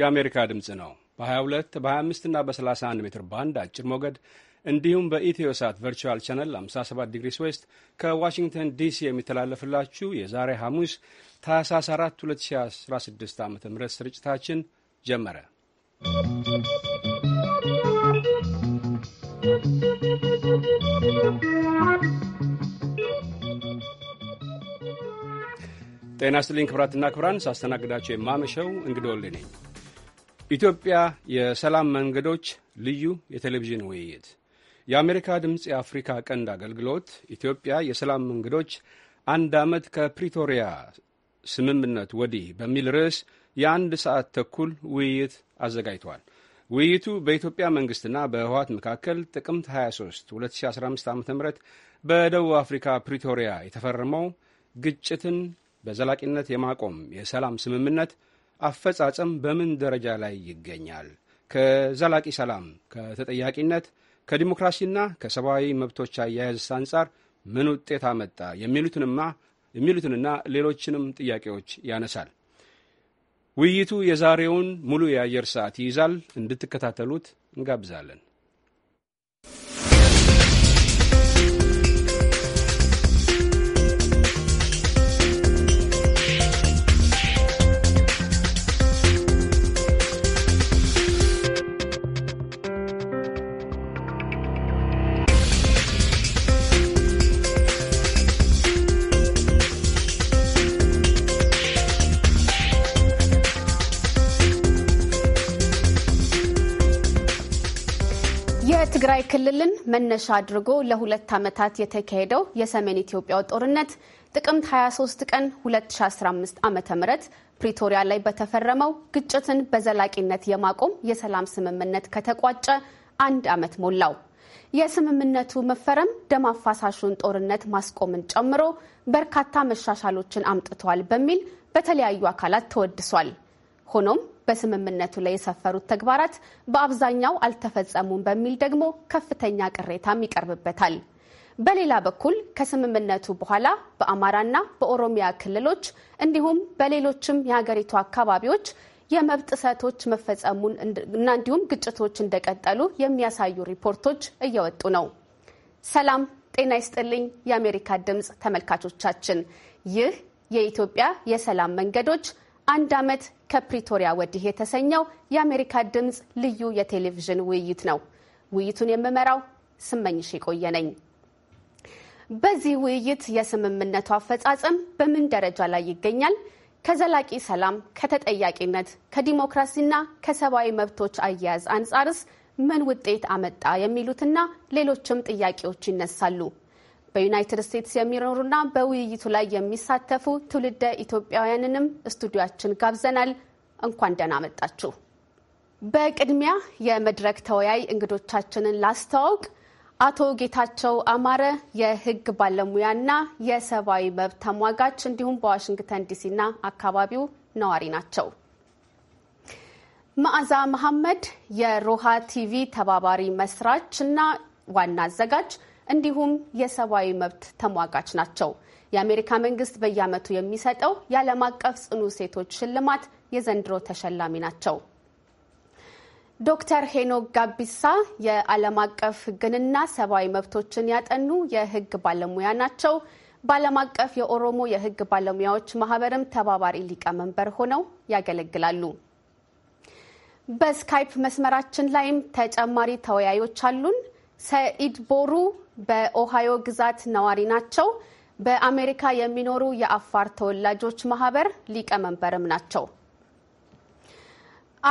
የአሜሪካ ድምፅ ነው። በ22 በ25 እና በ31 ሜትር ባንድ አጭር ሞገድ እንዲሁም ሳት ቨርቹዋል ቻነል 57 ዲግሪ ስዌስት ከዋሽንግተን ዲሲ የሚተላለፍላችሁ የዛሬ ሐሙስ ታህሳስ 4 2016 ዓ ም ስርጭታችን ጀመረ። ጤና ይስጥልኝ ክብራትና ክብራን ሳስተናግዳቸው የማመሸው እንግዳ ወልዴ ነኝ። ኢትዮጵያ የሰላም መንገዶች ልዩ የቴሌቪዥን ውይይት የአሜሪካ ድምፅ የአፍሪካ ቀንድ አገልግሎት ኢትዮጵያ የሰላም መንገዶች አንድ ዓመት ከፕሪቶሪያ ስምምነት ወዲህ በሚል ርዕስ የአንድ ሰዓት ተኩል ውይይት አዘጋጅቷል። ውይይቱ በኢትዮጵያ መንግሥትና በህወሓት መካከል ጥቅምት 23 2015 ዓ ም በደቡብ አፍሪካ ፕሪቶሪያ የተፈረመው ግጭትን በዘላቂነት የማቆም የሰላም ስምምነት አፈጻጸም በምን ደረጃ ላይ ይገኛል? ከዘላቂ ሰላም፣ ከተጠያቂነት፣ ከዲሞክራሲና ከሰብአዊ መብቶች አያያዝ አንጻር ምን ውጤት አመጣ? የሚሉትንና ሌሎችንም ጥያቄዎች ያነሳል። ውይይቱ የዛሬውን ሙሉ የአየር ሰዓት ይይዛል። እንድትከታተሉት እንጋብዛለን። ትግራይ ክልልን መነሻ አድርጎ ለሁለት ዓመታት የተካሄደው የሰሜን ኢትዮጵያው ጦርነት ጥቅምት 23 ቀን 2015 ዓ ም ፕሪቶሪያ ላይ በተፈረመው ግጭትን በዘላቂነት የማቆም የሰላም ስምምነት ከተቋጨ አንድ ዓመት ሞላው። የስምምነቱ መፈረም ደም አፋሳሹን ጦርነት ማስቆምን ጨምሮ በርካታ መሻሻሎችን አምጥተዋል በሚል በተለያዩ አካላት ተወድሷል። ሆኖም በስምምነቱ ላይ የሰፈሩት ተግባራት በአብዛኛው አልተፈጸሙም በሚል ደግሞ ከፍተኛ ቅሬታም ይቀርብበታል። በሌላ በኩል ከስምምነቱ በኋላ በአማራና በኦሮሚያ ክልሎች እንዲሁም በሌሎችም የሀገሪቱ አካባቢዎች የመብት ጥሰቶች መፈጸሙን እና እንዲሁም ግጭቶች እንደቀጠሉ የሚያሳዩ ሪፖርቶች እየወጡ ነው። ሰላም ጤና ይስጥልኝ። የአሜሪካ ድምፅ ተመልካቾቻችን ይህ የኢትዮጵያ የሰላም መንገዶች አንድ ዓመት ከፕሪቶሪያ ወዲህ የተሰኘው የአሜሪካ ድምፅ ልዩ የቴሌቪዥን ውይይት ነው። ውይይቱን የምመራው ስመኝሽ የቆየ ነኝ። በዚህ ውይይት የስምምነቱ አፈጻጸም በምን ደረጃ ላይ ይገኛል፣ ከዘላቂ ሰላም፣ ከተጠያቂነት፣ ከዲሞክራሲና ከሰብአዊ መብቶች አያያዝ አንጻርስ ምን ውጤት አመጣ የሚሉትና ሌሎችም ጥያቄዎች ይነሳሉ። በዩናይትድ ስቴትስ የሚኖሩና በውይይቱ ላይ የሚሳተፉ ትውልደ ኢትዮጵያውያንንም ስቱዲያችን ጋብዘናል። እንኳን ደህና መጣችሁ። በቅድሚያ የመድረክ ተወያይ እንግዶቻችንን ላስተዋውቅ። አቶ ጌታቸው አማረ የሕግ ባለሙያና የሰብአዊ መብት ተሟጋች እንዲሁም በዋሽንግተን ዲሲና አካባቢው ነዋሪ ናቸው። መዓዛ መሐመድ የሮሃ ቲቪ ተባባሪ መስራች እና ዋና አዘጋጅ እንዲሁም የሰብአዊ መብት ተሟጋች ናቸው። የአሜሪካ መንግስት በየአመቱ የሚሰጠው የዓለም አቀፍ ጽኑ ሴቶች ሽልማት የዘንድሮ ተሸላሚ ናቸው። ዶክተር ሄኖክ ጋቢሳ የዓለም አቀፍ ሕግንና ሰብአዊ መብቶችን ያጠኑ የሕግ ባለሙያ ናቸው። በዓለም አቀፍ የኦሮሞ የሕግ ባለሙያዎች ማህበርም ተባባሪ ሊቀመንበር ሆነው ያገለግላሉ። በስካይፕ መስመራችን ላይም ተጨማሪ ተወያዮች አሉን። ሰኢድ ቦሩ በኦሃዮ ግዛት ነዋሪ ናቸው። በአሜሪካ የሚኖሩ የአፋር ተወላጆች ማህበር ሊቀመንበርም ናቸው።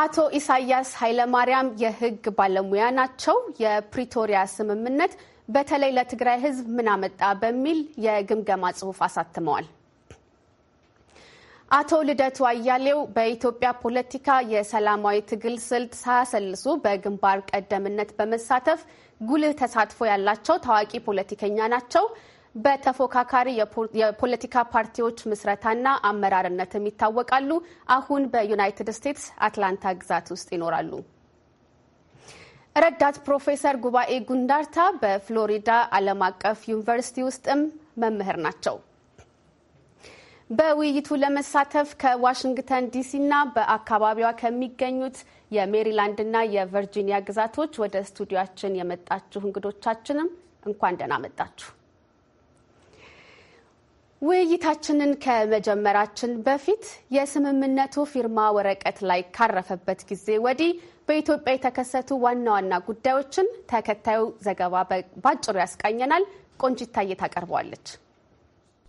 አቶ ኢሳያስ ኃይለማርያም የህግ ባለሙያ ናቸው። የፕሪቶሪያ ስምምነት በተለይ ለትግራይ ህዝብ ምን አመጣ በሚል የግምገማ ጽሁፍ አሳትመዋል። አቶ ልደቱ አያሌው በኢትዮጵያ ፖለቲካ የሰላማዊ ትግል ስልት ሳያሰልሱ በግንባር ቀደምነት በመሳተፍ ጉልህ ተሳትፎ ያላቸው ታዋቂ ፖለቲከኛ ናቸው። በተፎካካሪ የፖለቲካ ፓርቲዎች ምስረታና አመራርነትም ይታወቃሉ። አሁን በዩናይትድ ስቴትስ አትላንታ ግዛት ውስጥ ይኖራሉ። ረዳት ፕሮፌሰር ጉባኤ ጉንዳርታ በፍሎሪዳ ዓለም አቀፍ ዩኒቨርሲቲ ውስጥም መምህር ናቸው። በውይይቱ ለመሳተፍ ከዋሽንግተን ዲሲ ና በአካባቢዋ ከሚገኙት የሜሪላንድና የቨርጂኒያ ግዛቶች ወደ ስቱዲያችን የመጣችሁ እንግዶቻችንም እንኳን ደህና መጣችሁ። ውይይታችንን ከመጀመራችን በፊት የስምምነቱ ፊርማ ወረቀት ላይ ካረፈበት ጊዜ ወዲህ በኢትዮጵያ የተከሰቱ ዋና ዋና ጉዳዮችን ተከታዩ ዘገባ ባጭሩ ያስቃኘናል። ቆንጂታዬ ታቀርበዋለች።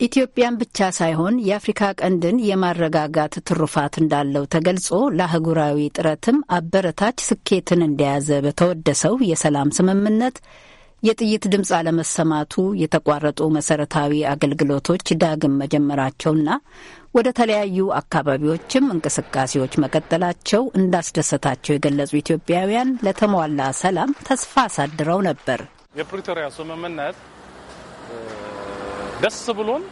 ኢትዮጵያን ብቻ ሳይሆን የአፍሪካ ቀንድን የማረጋጋት ትሩፋት እንዳለው ተገልጾ ለአህጉራዊ ጥረትም አበረታች ስኬትን እንደያዘ በተወደሰው የሰላም ስምምነት የጥይት ድምፅ አለመሰማቱ፣ የተቋረጡ መሰረታዊ አገልግሎቶች ዳግም መጀመራቸውና ወደ ተለያዩ አካባቢዎችም እንቅስቃሴዎች መቀጠላቸው እንዳስደሰታቸው የገለጹ ኢትዮጵያውያን ለተሟላ ሰላም ተስፋ አሳድረው ነበር። የፕሪቶሪያ ስምምነት ደስ ብሎን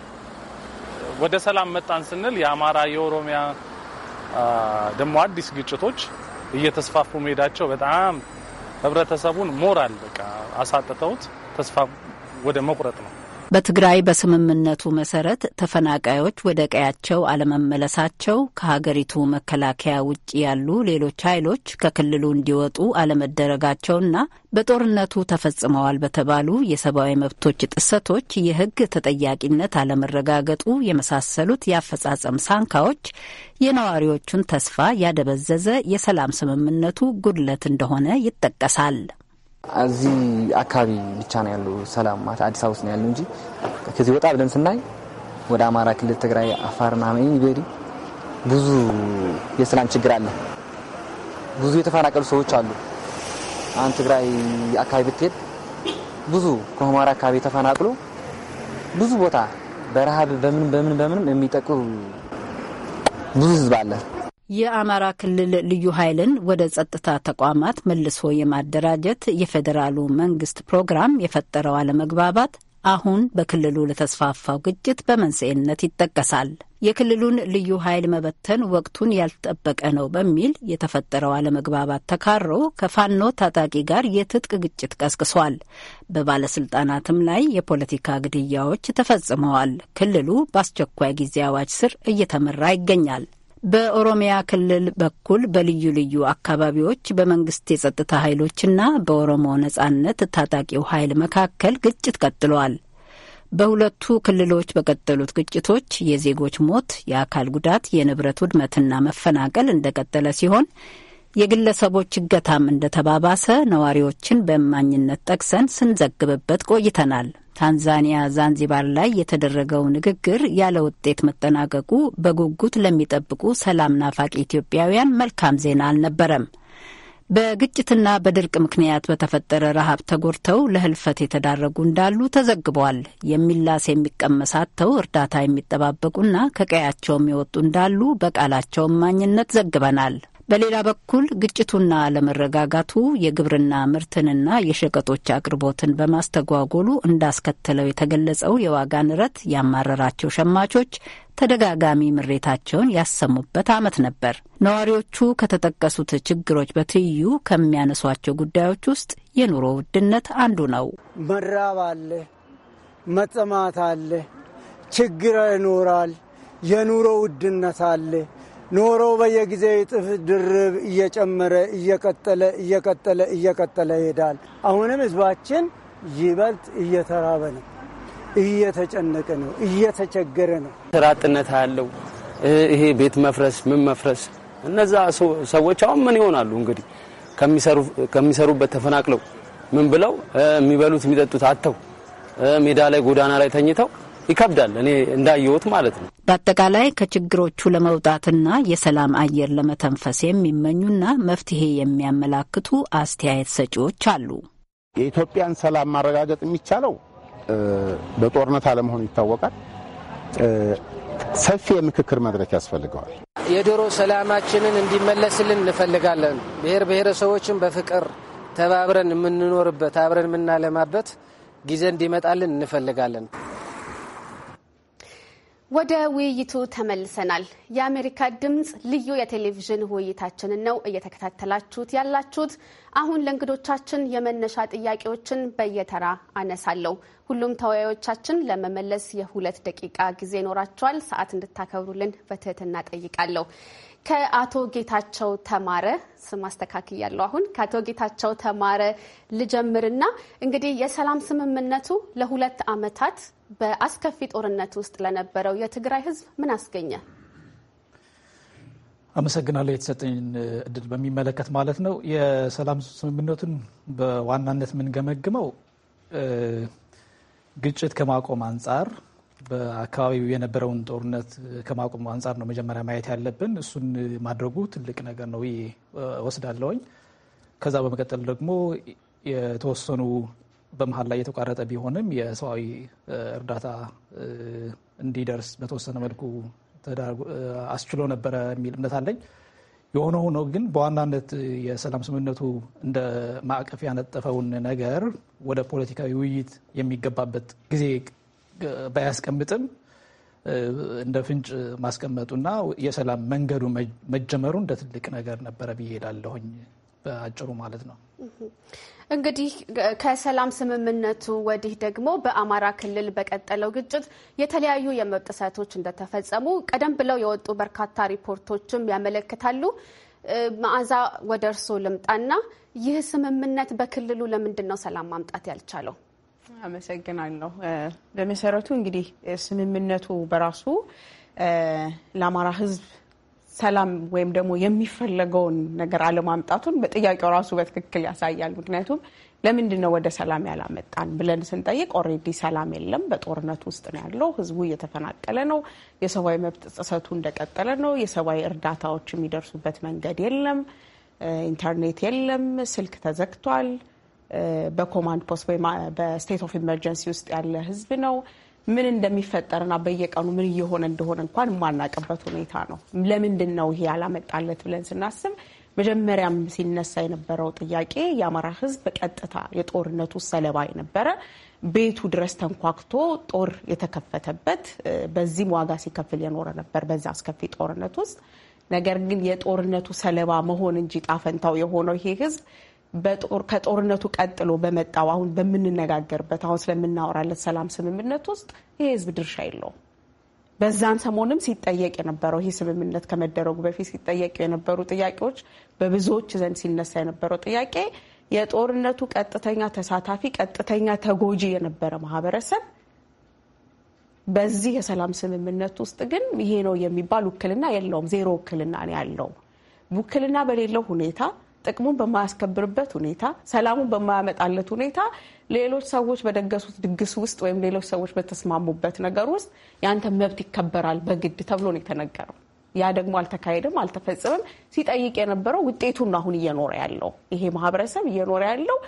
ወደ ሰላም መጣን ስንል የአማራ የኦሮሚያ ደግሞ አዲስ ግጭቶች እየተስፋፉ መሄዳቸው በጣም ህብረተሰቡን ሞራል በቃ አሳጥተውት ተስፋ ወደ መቁረጥ ነው በትግራይ በስምምነቱ መሰረት ተፈናቃዮች ወደ ቀያቸው አለመመለሳቸው ከሀገሪቱ መከላከያ ውጭ ያሉ ሌሎች ኃይሎች ከክልሉ እንዲወጡ አለመደረጋቸውና በጦርነቱ ተፈጽመዋል በተባሉ የሰብአዊ መብቶች ጥሰቶች የሕግ ተጠያቂነት አለመረጋገጡ የመሳሰሉት የአፈጻጸም ሳንካዎች የነዋሪዎቹን ተስፋ ያደበዘዘ የሰላም ስምምነቱ ጉድለት እንደሆነ ይጠቀሳል። እዚህ አካባቢ ብቻ ነው ያለው ሰላም ማለት አዲስ አበባ ውስጥ ነው ያለው እንጂ ከዚህ ወጣ ብለን ስናይ ወደ አማራ ክልል፣ ትግራይ፣ አፋር ምናምን ይበሪ ብዙ የሰላም ችግር አለ። ብዙ የተፈናቀሉ ሰዎች አሉ። አሁን ትግራይ አካባቢ ብትሄድ ብዙ ከሁመራ አካባቢ ተፈናቅሎ ብዙ ቦታ በረሃብ በምን በምን በምንም የሚጠቁ ብዙ ህዝብ አለ። የአማራ ክልል ልዩ ኃይልን ወደ ጸጥታ ተቋማት መልሶ የማደራጀት የፌዴራሉ መንግስት ፕሮግራም የፈጠረው አለመግባባት አሁን በክልሉ ለተስፋፋው ግጭት በመንስኤነት ይጠቀሳል። የክልሉን ልዩ ኃይል መበተን ወቅቱን ያልጠበቀ ነው በሚል የተፈጠረው አለመግባባት ተካሮ ከፋኖ ታጣቂ ጋር የትጥቅ ግጭት ቀስቅሷል። በባለስልጣናትም ላይ የፖለቲካ ግድያዎች ተፈጽመዋል። ክልሉ በአስቸኳይ ጊዜ አዋጅ ስር እየተመራ ይገኛል። በኦሮሚያ ክልል በኩል በልዩ ልዩ አካባቢዎች በመንግስት የጸጥታ ኃይሎችና በኦሮሞ ነጻነት ታጣቂው ኃይል መካከል ግጭት ቀጥሏል። በሁለቱ ክልሎች በቀጠሉት ግጭቶች የዜጎች ሞት፣ የአካል ጉዳት፣ የንብረት ውድመትና መፈናቀል እንደቀጠለ ሲሆን የግለሰቦች እገታም እንደተባባሰ ነዋሪዎችን በእማኝነት ጠቅሰን ስንዘግብበት ቆይተናል። ታንዛኒያ ዛንዚባር ላይ የተደረገው ንግግር ያለ ውጤት መጠናቀቁ በጉጉት ለሚጠብቁ ሰላም ናፋቂ ኢትዮጵያውያን መልካም ዜና አልነበረም። በግጭትና በድርቅ ምክንያት በተፈጠረ ረሃብ ተጎድተው ለህልፈት የተዳረጉ እንዳሉ ተዘግበዋል። የሚላስ የሚቀመሳተው እርዳታ የሚጠባበቁና ከቀያቸውም የወጡ እንዳሉ በቃላቸው እማኝነት ዘግበናል። በሌላ በኩል ግጭቱና አለመረጋጋቱ የግብርና ምርትንና የሸቀጦች አቅርቦትን በማስተጓጎሉ እንዳስከተለው የተገለጸው የዋጋ ንረት ያማረራቸው ሸማቾች ተደጋጋሚ ምሬታቸውን ያሰሙበት ዓመት ነበር። ነዋሪዎቹ ከተጠቀሱት ችግሮች በትይዩ ከሚያነሷቸው ጉዳዮች ውስጥ የኑሮ ውድነት አንዱ ነው። መራብ አለ፣ መጠማት አለ፣ ችግር ይኖራል፣ የኑሮ ውድነት አለ ኖሮ በየጊዜ እጥፍ ድርብ እየጨመረ እየቀጠለ እየቀጠለ እየቀጠለ ይሄዳል። አሁንም ህዝባችን ይበልጥ እየተራበ ነው፣ እየተጨነቀ ነው፣ እየተቸገረ ነው። ስራ አጥነት ያለው ይሄ ቤት መፍረስ ምን መፍረስ እነዛ ሰዎች አሁን ምን ይሆናሉ እንግዲህ ከሚሰሩበት ተፈናቅለው ምን ብለው የሚበሉት የሚጠጡት አጥተው ሜዳ ላይ ጎዳና ላይ ተኝተው ይከብዳል። እኔ እንዳየሁት ማለት ነው። በአጠቃላይ ከችግሮቹ ለመውጣትና የሰላም አየር ለመተንፈስ የሚመኙና መፍትሄ የሚያመላክቱ አስተያየት ሰጪዎች አሉ። የኢትዮጵያን ሰላም ማረጋገጥ የሚቻለው በጦርነት አለመሆኑ ይታወቃል። ሰፊ የምክክር መድረክ ያስፈልገዋል። የድሮ ሰላማችንን እንዲመለስልን እንፈልጋለን። ብሔር ብሔረሰቦችን በፍቅር ተባብረን የምንኖርበት አብረን የምናለማበት ጊዜ እንዲመጣልን እንፈልጋለን። ወደ ውይይቱ ተመልሰናል። የአሜሪካ ድምፅ ልዩ የቴሌቪዥን ውይይታችንን ነው እየተከታተላችሁት ያላችሁት። አሁን ለእንግዶቻችን የመነሻ ጥያቄዎችን በየተራ አነሳለሁ። ሁሉም ተወያዮቻችን ለመመለስ የሁለት ደቂቃ ጊዜ ይኖራቸዋል። ሰዓት እንድታከብሩልን በትህትና ጠይቃለሁ። ከአቶ ጌታቸው ተማረ ስም አስተካክያለሁ። አሁን ከአቶ ጌታቸው ተማረ ልጀምርና እንግዲህ የሰላም ስምምነቱ ለሁለት ዓመታት በአስከፊ ጦርነት ውስጥ ለነበረው የትግራይ ሕዝብ ምን አስገኘ? አመሰግናለሁ የተሰጠኝ እድል በሚመለከት ማለት ነው። የሰላም ስምምነቱን በዋናነት የምንገመግመው ግጭት ከማቆም አንጻር በአካባቢው የነበረውን ጦርነት ከማቆም አንጻር ነው መጀመሪያ ማየት ያለብን። እሱን ማድረጉ ትልቅ ነገር ነው ወስዳለውኝ። ወስዳለሁኝ። ከዛ በመቀጠል ደግሞ የተወሰኑ በመሀል ላይ የተቋረጠ ቢሆንም የሰብአዊ እርዳታ እንዲደርስ በተወሰነ መልኩ አስችሎ ነበረ የሚል እምነት አለኝ። የሆነ ሆኖ ግን በዋናነት የሰላም ስምምነቱ እንደ ማዕቀፍ ያነጠፈውን ነገር ወደ ፖለቲካዊ ውይይት የሚገባበት ጊዜ ባያስቀምጥም እንደ ፍንጭ ማስቀመጡና የሰላም መንገዱ መጀመሩ እንደ ትልቅ ነገር ነበረ ብዬ እላለሁኝ በአጭሩ ማለት ነው። እንግዲህ ከሰላም ስምምነቱ ወዲህ ደግሞ በአማራ ክልል በቀጠለው ግጭት የተለያዩ የመብት ጥሰቶች እንደተፈጸሙ ቀደም ብለው የወጡ በርካታ ሪፖርቶችም ያመለክታሉ። መዓዛ ወደ እርስዎ ልምጣና ይህ ስምምነት በክልሉ ለምንድን ነው ሰላም ማምጣት ያልቻለው? አመሰግናለሁ። በመሰረቱ እንግዲህ ስምምነቱ በራሱ ለአማራ ህዝብ ሰላም ወይም ደግሞ የሚፈለገውን ነገር አለማምጣቱን በጥያቄው ራሱ በትክክል ያሳያል። ምክንያቱም ለምንድን ነው ወደ ሰላም ያላመጣን ብለን ስንጠይቅ ኦሬዲ ሰላም የለም፣ በጦርነት ውስጥ ነው ያለው። ህዝቡ እየተፈናቀለ ነው። የሰብአዊ መብት ጥሰቱ እንደቀጠለ ነው። የሰብአዊ እርዳታዎች የሚደርሱበት መንገድ የለም፣ ኢንተርኔት የለም፣ ስልክ ተዘግቷል፣ በኮማንድ ፖስት ወይም በስቴት ኦፍ ኢመርጀንሲ ውስጥ ያለ ህዝብ ነው። ምን እንደሚፈጠርና በየቀኑ ምን እየሆነ እንደሆነ እንኳን የማናቅበት ሁኔታ ነው። ለምንድን ነው ይሄ ያላመጣለት ብለን ስናስብ መጀመሪያም ሲነሳ የነበረው ጥያቄ የአማራ ህዝብ በቀጥታ የጦርነቱ ሰለባ የነበረ ቤቱ ድረስ ተንኳክቶ ጦር የተከፈተበት በዚህም ዋጋ ሲከፍል የኖረ ነበር በዛ አስከፊ ጦርነት ውስጥ። ነገር ግን የጦርነቱ ሰለባ መሆን እንጂ ጣፈንታው የሆነው ይሄ ህዝብ ከጦርነቱ ቀጥሎ በመጣው አሁን በምንነጋገርበት አሁን ስለምናወራለት ሰላም ስምምነት ውስጥ ይህ ህዝብ ድርሻ የለውም። በዛን ሰሞንም ሲጠየቅ የነበረው ይህ ስምምነት ከመደረጉ በፊት ሲጠየቅ የነበሩ ጥያቄዎች፣ በብዙዎች ዘንድ ሲነሳ የነበረው ጥያቄ የጦርነቱ ቀጥተኛ ተሳታፊ ቀጥተኛ ተጎጂ የነበረ ማህበረሰብ በዚህ የሰላም ስምምነት ውስጥ ግን ይሄ ነው የሚባል ውክልና የለውም። ዜሮ ውክልና ያለው። ውክልና በሌለው ሁኔታ ጥቅሙን በማያስከብርበት ሁኔታ፣ ሰላሙን በማያመጣለት ሁኔታ ሌሎች ሰዎች በደገሱት ድግስ ውስጥ ወይም ሌሎች ሰዎች በተስማሙበት ነገር ውስጥ ያንተ መብት ይከበራል በግድ ተብሎ ነው የተነገረው። ያ ደግሞ አልተካሄደም፣ አልተፈጸመም። ሲጠይቅ የነበረው ውጤቱን አሁን እየኖረ ያለው ይሄ ማህበረሰብ እየኖረ ያለው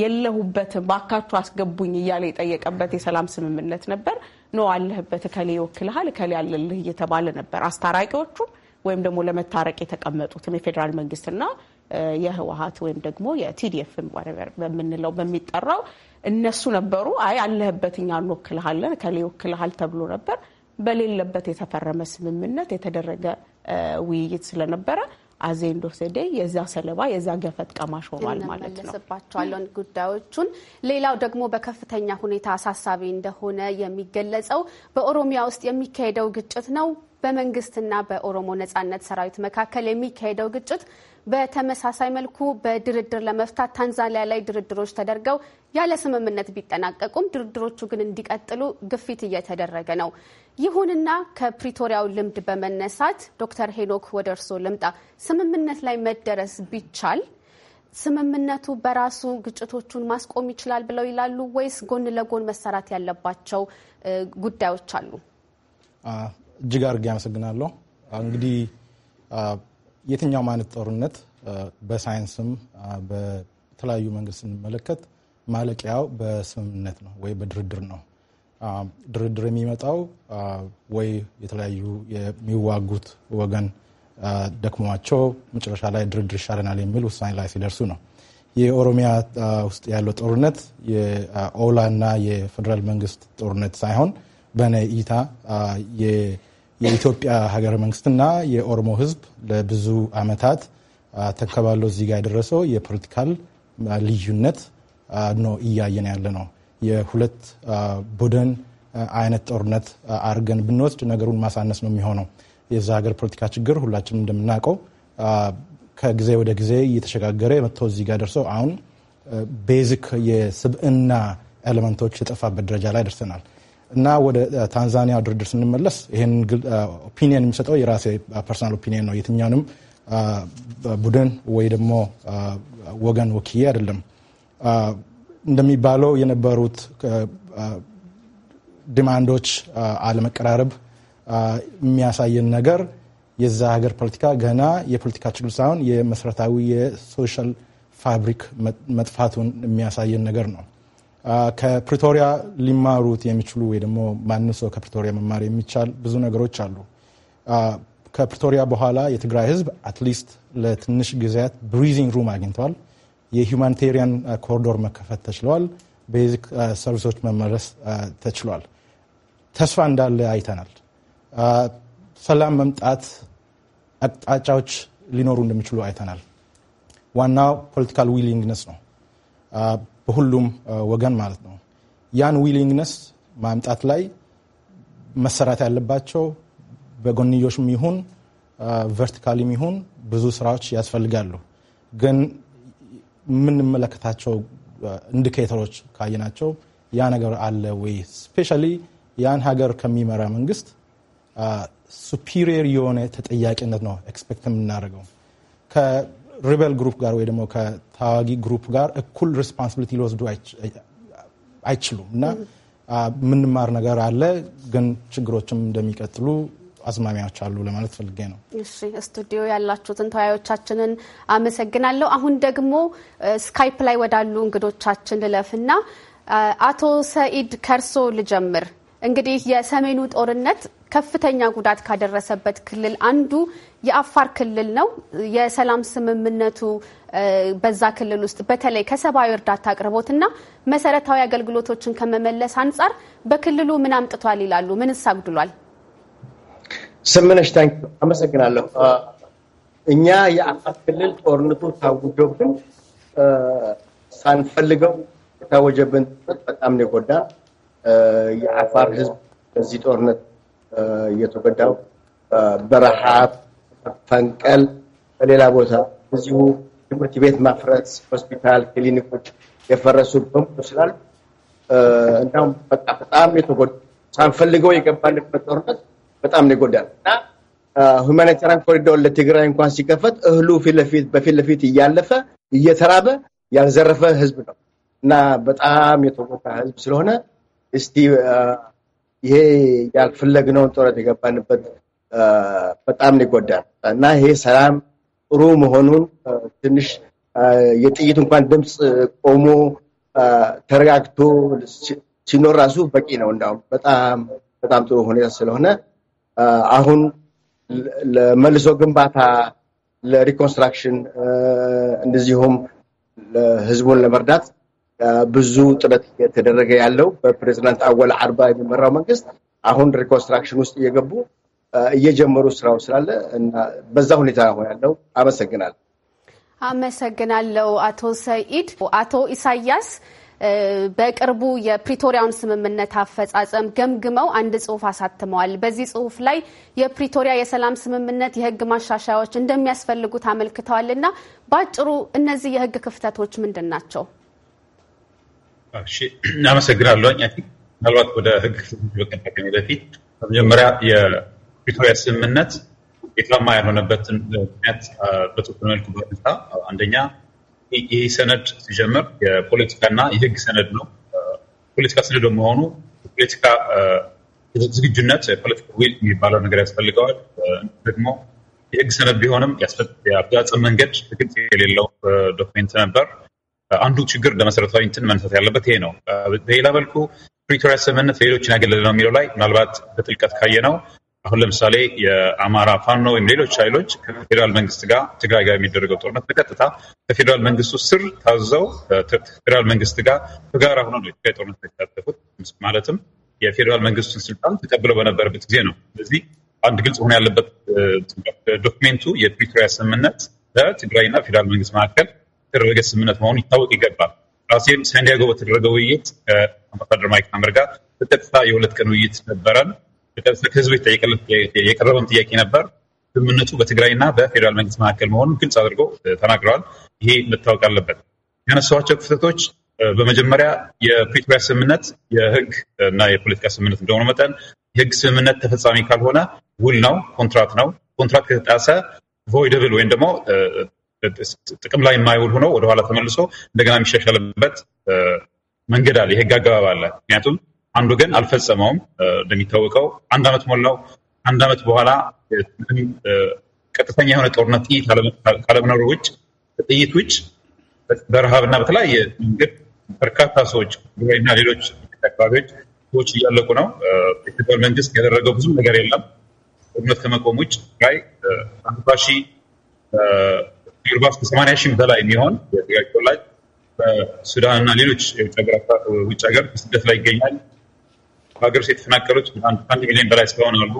የለሁበትም በአካችሁ አስገቡኝ እያለ የጠየቀበት የሰላም ስምምነት ነበር። ኖ አለህበት፣ እከሌ ይወክልሃል፣ እከሌ አለልህ እየተባለ ነበር። አስታራቂዎቹም ወይም ደግሞ ለመታረቅ የተቀመጡትም የፌዴራል መንግስትና የህወሀት ወይም ደግሞ የቲዲኤፍ በምንለው በሚጠራው እነሱ ነበሩ። አይ አለህበት እኛ እንወክልሃለን ከሌ ይወክልሃል ተብሎ ነበር። በሌለበት የተፈረመ ስምምነት የተደረገ ውይይት ስለነበረ አዜ እንደወሰደ የዛ ሰለባ የዛ ገፈት ቀማሽ ሆኗል ማለት ነው። እንመለስባቸዋለን ጉዳዮቹን። ሌላው ደግሞ በከፍተኛ ሁኔታ አሳሳቢ እንደሆነ የሚገለጸው በኦሮሚያ ውስጥ የሚካሄደው ግጭት ነው። በመንግስትና በኦሮሞ ነጻነት ሰራዊት መካከል የሚካሄደው ግጭት በተመሳሳይ መልኩ በድርድር ለመፍታት ታንዛኒያ ላይ ድርድሮች ተደርገው ያለ ስምምነት ቢጠናቀቁም ድርድሮቹ ግን እንዲቀጥሉ ግፊት እየተደረገ ነው። ይሁንና ከፕሪቶሪያው ልምድ በመነሳት ዶክተር ሄኖክ ወደ እርስዎ ልምጣ። ስምምነት ላይ መደረስ ቢቻል ስምምነቱ በራሱ ግጭቶቹን ማስቆም ይችላል ብለው ይላሉ ወይስ ጎን ለጎን መሰራት ያለባቸው ጉዳዮች አሉ? እጅግ አድርጌ አመሰግናለሁ። እንግዲህ የትኛውም አይነት ጦርነት በሳይንስም በተለያዩ መንገድ ስንመለከት ማለቂያው በስምምነት ነው ወይ በድርድር ነው። ድርድር የሚመጣው ወይ የተለያዩ የሚዋጉት ወገን ደክሟቸው መጨረሻ ላይ ድርድር ይሻለናል የሚል ውሳኔ ላይ ሲደርሱ ነው። የኦሮሚያ ውስጥ ያለው ጦርነት የኦላ እና የፌዴራል መንግስት ጦርነት ሳይሆን በነ እይታ የኢትዮጵያ ሀገረ መንግስትና የኦሮሞ ህዝብ ለብዙ አመታት ተንከባሎ እዚህ ጋር የደረሰው የፖለቲካል ልዩነት ነው እያየን ያለ ነው። የሁለት ቡድን አይነት ጦርነት አድርገን ብንወስድ ነገሩን ማሳነስ ነው የሚሆነው። የዛ ሀገር ፖለቲካ ችግር ሁላችንም እንደምናውቀው ከጊዜ ወደ ጊዜ እየተሸጋገረ መጥቶ እዚህ ጋር ደርሰው አሁን ቤዚክ የስብዕና ኤሌመንቶች የጠፋበት ደረጃ ላይ ደርሰናል። እና ወደ ታንዛኒያ ድርድር ስንመለስ ይህን ኦፒኒየን የሚሰጠው የራሴ ፐርሰናል ኦፒኒየን ነው። የትኛውንም ቡድን ወይ ደግሞ ወገን ወክዬ አይደለም። እንደሚባለው የነበሩት ዲማንዶች አለመቀራረብ የሚያሳየን ነገር የዛ ሀገር ፖለቲካ ገና የፖለቲካ ችግር ሳይሆን የመሰረታዊ የሶሻል ፋብሪክ መጥፋቱን የሚያሳየን ነገር ነው። ከፕሪቶሪያ ሊማሩት የሚችሉ ወይ ደግሞ ማንም ሰው ከፕሪቶሪያ መማር የሚቻል ብዙ ነገሮች አሉ። ከፕሪቶሪያ በኋላ የትግራይ ህዝብ አትሊስት ለትንሽ ጊዜያት ብሪዚንግ ሩም አግኝተዋል። የሁማኒቴሪያን ኮሪዶር መከፈት ተችለዋል። ቤዚክ ሰርቪሶች መመለስ ተችሏል። ተስፋ እንዳለ አይተናል። ሰላም መምጣት አቅጣጫዎች ሊኖሩ እንደሚችሉ አይተናል። ዋናው ፖለቲካል ዊሊንግነስ ነው። በሁሉም ወገን ማለት ነው። ያን ዊሊንግነስ ማምጣት ላይ መሰራት ያለባቸው በጎንዮሽም ይሁን ቨርቲካሊም ይሁን ብዙ ስራዎች ያስፈልጋሉ። ግን የምንመለከታቸው ኢንዲኬተሮች ካየናቸው ያ ነገር አለ ወይ ስፔሻሊ ያን ሀገር ከሚመራ መንግስት ሱፒሪየር የሆነ ተጠያቂነት ነው ኤክስፔክት የምናደርገው። ከሪበል ግሩፕ ጋር ወይ ደግሞ ከታዋጊ ግሩፕ ጋር እኩል ሪስፖንሲቢሊቲ ሊወስዱ አይችሉም እና የምንማር ነገር አለ፣ ግን ችግሮችም እንደሚቀጥሉ አዝማሚያዎች አሉ ለማለት ፈልጌ ነው። እሺ ስቱዲዮ ያላችሁትን ተወያዮቻችንን አመሰግናለሁ። አሁን ደግሞ ስካይፕ ላይ ወዳሉ እንግዶቻችን ልለፍና አቶ ሰኢድ ከርሶ ልጀምር። እንግዲህ የሰሜኑ ጦርነት ከፍተኛ ጉዳት ካደረሰበት ክልል አንዱ የአፋር ክልል ነው። የሰላም ስምምነቱ በዛ ክልል ውስጥ በተለይ ከሰብአዊ እርዳታ አቅርቦትና መሰረታዊ አገልግሎቶችን ከመመለስ አንጻር በክልሉ ምን አምጥቷል ይላሉ? ምን አጉድሏል? ስምነሽ ታንክ አመሰግናለሁ። እኛ የአፋር ክልል ጦርነቱ ታውጆብን ሳንፈልገው የታወጀብን በጣም ነው የጎዳ የአፋር ህዝብ በዚህ ጦርነት እየተጎዳው በረሃብ ፈንቀል፣ በሌላ ቦታ እዚሁ ትምህርት ቤት ማፍረስ፣ ሆስፒታል፣ ክሊኒኮች የፈረሱ በሙሉ ስላሉ እናም በቃ በጣም የተጎዳ ሳንፈልገው የገባንበት ጦርነት በጣም ይጎዳል እና ሁማኒታሪያን ኮሪዶር ለትግራይ እንኳን ሲከፈት እህሉ በፊት ለፊት እያለፈ እየተራበ ያልዘረፈ ህዝብ ነው እና በጣም የተጎዳ ህዝብ ስለሆነ እስቲ ይሄ ያልፈለግነውን ጦርነት የገባንበት በጣም ይጎዳል እና ይሄ ሰላም ጥሩ መሆኑን ትንሽ የጥይት እንኳን ድምፅ ቆሞ ተረጋግቶ ሲኖር ራሱ በቂ ነው። እንዳውም በጣም በጣም ጥሩ ሁኔታ ስለሆነ አሁን ለመልሶ ግንባታ፣ ለሪኮንስትራክሽን እንደዚሁም ህዝቡን ለመርዳት ብዙ ጥረት እየተደረገ ያለው በፕሬዚዳንት አወል አርባ የሚመራው መንግስት አሁን ሪኮንስትራክሽን ውስጥ እየገቡ እየጀመሩ ስራው ስላለ እና በዛ ሁኔታ ያለው አመሰግናለሁ። አመሰግናለሁ አቶ ሰኢድ። አቶ ኢሳያስ በቅርቡ የፕሪቶሪያውን ስምምነት አፈጻጸም ገምግመው አንድ ጽሁፍ አሳትመዋል። በዚህ ጽሁፍ ላይ የፕሪቶሪያ የሰላም ስምምነት የህግ ማሻሻያዎች እንደሚያስፈልጉት አመልክተዋል እና በአጭሩ እነዚህ የህግ ክፍተቶች ምንድን ናቸው? አመሰግናለሁኝ። ምናልባት ወደ ህግ በቀጣቀኝ በፊት በመጀመሪያ የፕሪቶሪያ ስምምነት ውጤታማ ያልሆነበትን ምክንያት በተወሰነ መልኩ በነሳ አንደኛ ይህ ሰነድ ሲጀምር የፖለቲካና የህግ ሰነድ ነው። ፖለቲካ ሰነድ በመሆኑ ፖለቲካ ዝግጁነት ፖለቲካ ዊል የሚባለው ነገር ያስፈልገዋል። ደግሞ የህግ ሰነድ ቢሆንም የአፈጻጸም መንገድ ግልጽ የሌለው ዶክሜንት ነበር። አንዱ ችግር ለመሰረታዊ እንትን መነሳት ያለበት ይሄ ነው። በሌላ መልኩ ፕሪቶሪያ ስምምነት ሌሎችን ያገለለ ነው የሚለው ላይ ምናልባት በጥልቀት ካየ ነው አሁን ለምሳሌ የአማራ ፋኖ ወይም ሌሎች ኃይሎች ከፌዴራል መንግስት ጋር ትግራይ ጋር የሚደረገው ጦርነት በቀጥታ ከፌዴራል መንግስቱ ስር ታዘው ከፌዴራል መንግስት ጋር በጋራ ሆነ የትግራይ ጦርነት የተሳተፉት ማለትም የፌዴራል መንግስቱን ስልጣን ተቀብለው በነበረበት ጊዜ ነው። ስለዚህ አንድ ግልጽ ሆኖ ያለበት ዶክሜንቱ የፕሪቶሪያ ስምምነት በትግራይና ፌዴራል መንግስት መካከል የተደረገ ስምምነት መሆኑ ይታወቅ ይገባል። ራሴም ሳንዲያጎ በተደረገ ውይይት ከአምባሳደር ማይክ ታምር ጋር በቀጥታ የሁለት ቀን ውይይት ነበረን። በቀጥታ ከህዝብ የቀረበም ጥያቄ ነበር። ስምምነቱ በትግራይና በፌዴራል መንግስት መካከል መሆኑን ግልጽ አድርጎ ተናግረዋል። ይሄ መታወቅ አለበት። ያነሷቸው ክፍተቶች በመጀመሪያ የፕሪቶሪያ ስምምነት የህግ እና የፖለቲካ ስምምነት እንደሆነ መጠን የህግ ስምምነት ተፈጻሚ ካልሆነ ውል ነው፣ ኮንትራት ነው። ኮንትራት ከተጣሰ ቮይደብል ወይም ደግሞ ጥቅም ላይ የማይውል ሆኖ ወደኋላ ተመልሶ እንደገና የሚሻሻልበት መንገድ አለ፣ የህግ አገባብ አለ። ምክንያቱም አንዱ ግን አልፈጸመውም። እንደሚታወቀው አንድ ዓመት ሞላው። አንድ ዓመት በኋላ ቀጥተኛ የሆነ ጦርነት ጥይት ካለመኖሩ ውጭ ጥይት ውጭ በረሃብ እና በተለያየ መንገድ በርካታ ሰዎች እና ሌሎች አካባቢዎች ሰዎች እያለቁ ነው። የፌደራል መንግስት ያደረገው ብዙም ነገር የለም ጦርነት ከመቆም ውጭ ላይ አንባሺ ርባፍ ከሰማንያ ሺህ በላይ የሚሆን የተዘጋጅቶላቸው በሱዳን እና ሌሎች ውጭ ሀገር በስደት ላይ ይገኛል። በሀገር ውስጥ የተፈናቀሉት አንድ ሚሊዮን በላይ ስለሆነ አሉ።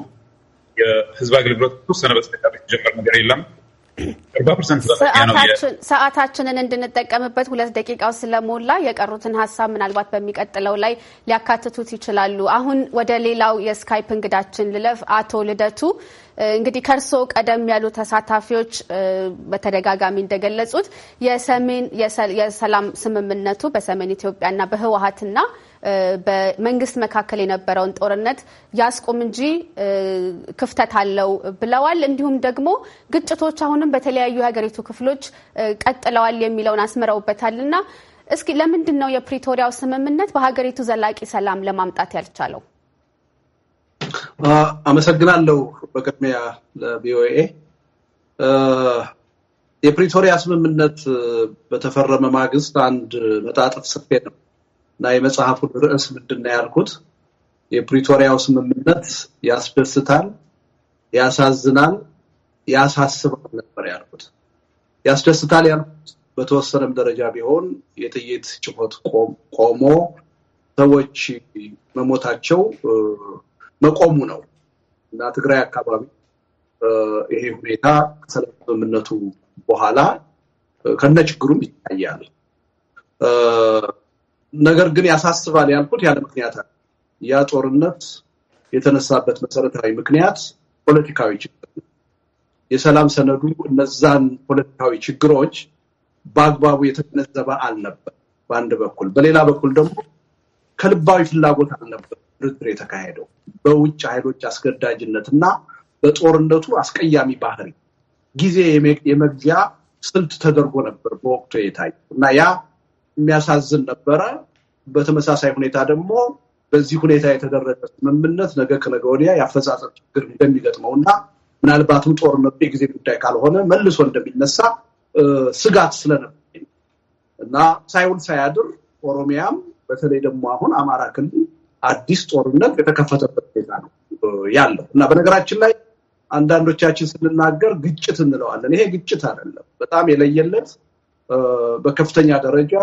የህዝብ አገልግሎት ተወሰነ በስተቀር የተጀመረ ነገር የለም። ሰዓታችንን እንድንጠቀምበት ሁለት ደቂቃው ስለሞላ የቀሩትን ሀሳብ ምናልባት በሚቀጥለው ላይ ሊያካትቱት ይችላሉ። አሁን ወደ ሌላው የስካይፕ እንግዳችን ልለፍ። አቶ ልደቱ እንግዲህ ከእርስዎ ቀደም ያሉ ተሳታፊዎች በተደጋጋሚ እንደገለጹት የሰሜን የሰላም ስምምነቱ በሰሜን ኢትዮጵያና በህወሀትና በመንግስት መካከል የነበረውን ጦርነት ያስቁም እንጂ ክፍተት አለው ብለዋል። እንዲሁም ደግሞ ግጭቶች አሁንም በተለያዩ የሀገሪቱ ክፍሎች ቀጥለዋል የሚለውን አስምረውበታል እና እስኪ ለምንድን ነው የፕሪቶሪያው ስምምነት በሀገሪቱ ዘላቂ ሰላም ለማምጣት ያልቻለው? አመሰግናለሁ። በቅድሚያ ለቪኦኤ የፕሪቶሪያ ስምምነት በተፈረመ ማግስት አንድ መጣጥፍ ስፌ ነው እና የመጽሐፉን ርዕስ ምንድን ነው ያልኩት የፕሪቶሪያው ስምምነት ያስደስታል፣ ያሳዝናል፣ ያሳስባል ነበር ያልኩት። ያስደስታል ያልኩት በተወሰነም ደረጃ ቢሆን የጥይት ጭሆት ቆሞ ሰዎች መሞታቸው መቆሙ ነው እና ትግራይ አካባቢ ይሄ ሁኔታ ከሰላም ስምምነቱ በኋላ ከነ ችግሩም ይታያል። ነገር ግን ያሳስባል ያልኩት ያለ ምክንያት ያ ጦርነት የተነሳበት መሰረታዊ ምክንያት ፖለቲካዊ ችግር ነው። የሰላም ሰነዱ እነዛን ፖለቲካዊ ችግሮች በአግባቡ የተገነዘበ አልነበር በአንድ በኩል፣ በሌላ በኩል ደግሞ ከልባዊ ፍላጎት አልነበር ድርድር የተካሄደው በውጭ ኃይሎች አስገዳጅነት እና በጦርነቱ አስቀያሚ ባህሪ ጊዜ የመግዚያ ስልት ተደርጎ ነበር በወቅቱ የታየው እና ያ የሚያሳዝን ነበረ። በተመሳሳይ ሁኔታ ደግሞ በዚህ ሁኔታ የተደረገ ስምምነት ነገ ከነገ ወዲያ የአፈጻጸም ችግር እንደሚገጥመው እና ምናልባትም ጦርነቱ የጊዜ ጉዳይ ካልሆነ መልሶ እንደሚነሳ ስጋት ስለነበር እና ሳይውል ሳያድር ኦሮሚያም በተለይ ደግሞ አሁን አማራ ክልል አዲስ ጦርነት የተከፈተበት ሁኔታ ነው ያለው እና በነገራችን ላይ አንዳንዶቻችን ስንናገር ግጭት እንለዋለን። ይሄ ግጭት አይደለም። በጣም የለየለት በከፍተኛ ደረጃ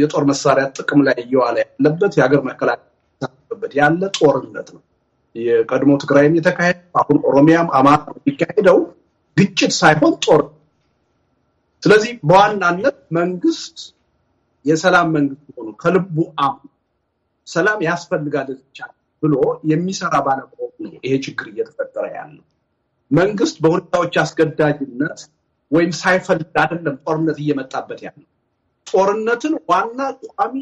የጦር መሳሪያ ጥቅም ላይ እየዋለ ያለበት የሀገር መከላከያ ያለ ጦርነት ነው። የቀድሞ ትግራይም የተካሄደ አሁን ኦሮሚያም አማራ የሚካሄደው ግጭት ሳይሆን ጦር። ስለዚህ በዋናነት መንግስት የሰላም መንግስት ሆኑ ከልቡ አም ሰላም ያስፈልጋል ብሎ የሚሰራ ባለመሆኑ ነው ይሄ ችግር እየተፈጠረ ያለው። መንግስት በሁኔታዎች አስገዳጅነት ወይም ሳይፈልግ አይደለም ጦርነት እየመጣበት ያለው። ጦርነትን ዋና ቋሚ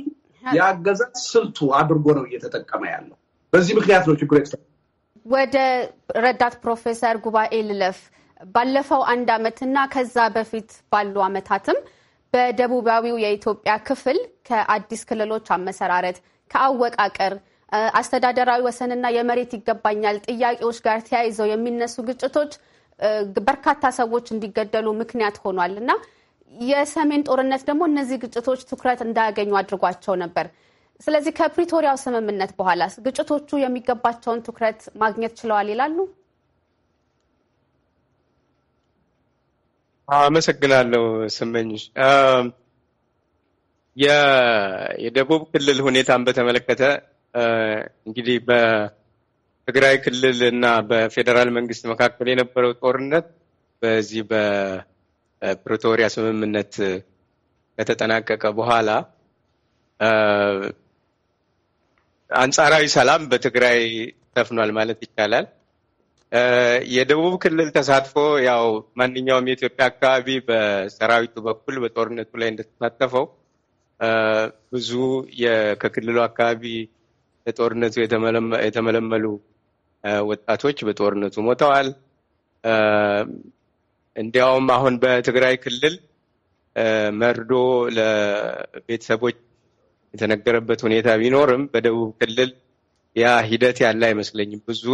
የአገዛዝ ስልቱ አድርጎ ነው እየተጠቀመ ያለው። በዚህ ምክንያት ነው ችግር የተፈ ወደ ረዳት ፕሮፌሰር ጉባኤ ልለፍ። ባለፈው አንድ ዓመትና ከዛ በፊት ባሉ ዓመታትም በደቡባዊው የኢትዮጵያ ክፍል ከአዲስ ክልሎች አመሰራረት ከአወቃቀር አስተዳደራዊ ወሰንና የመሬት ይገባኛል ጥያቄዎች ጋር ተያይዘው የሚነሱ ግጭቶች በርካታ ሰዎች እንዲገደሉ ምክንያት ሆኗል እና የሰሜን ጦርነት ደግሞ እነዚህ ግጭቶች ትኩረት እንዳያገኙ አድርጓቸው ነበር። ስለዚህ ከፕሪቶሪያው ስምምነት በኋላ ግጭቶቹ የሚገባቸውን ትኩረት ማግኘት ችለዋል ይላሉ። አመሰግናለሁ ስመኝሽ። የደቡብ ክልል ሁኔታን በተመለከተ እንግዲህ በትግራይ ክልል እና በፌዴራል መንግስት መካከል የነበረው ጦርነት በዚህ በፕሪቶሪያ ስምምነት ከተጠናቀቀ በኋላ አንጻራዊ ሰላም በትግራይ ተፍኗል ማለት ይቻላል። የደቡብ ክልል ተሳትፎ ያው ማንኛውም የኢትዮጵያ አካባቢ በሰራዊቱ በኩል በጦርነቱ ላይ እንደተሳተፈው ብዙ ከክልሉ አካባቢ ለጦርነቱ የተመለመሉ ወጣቶች በጦርነቱ ሞተዋል። እንዲያውም አሁን በትግራይ ክልል መርዶ ለቤተሰቦች የተነገረበት ሁኔታ ቢኖርም በደቡብ ክልል ያ ሂደት ያለ አይመስለኝም። ብዙ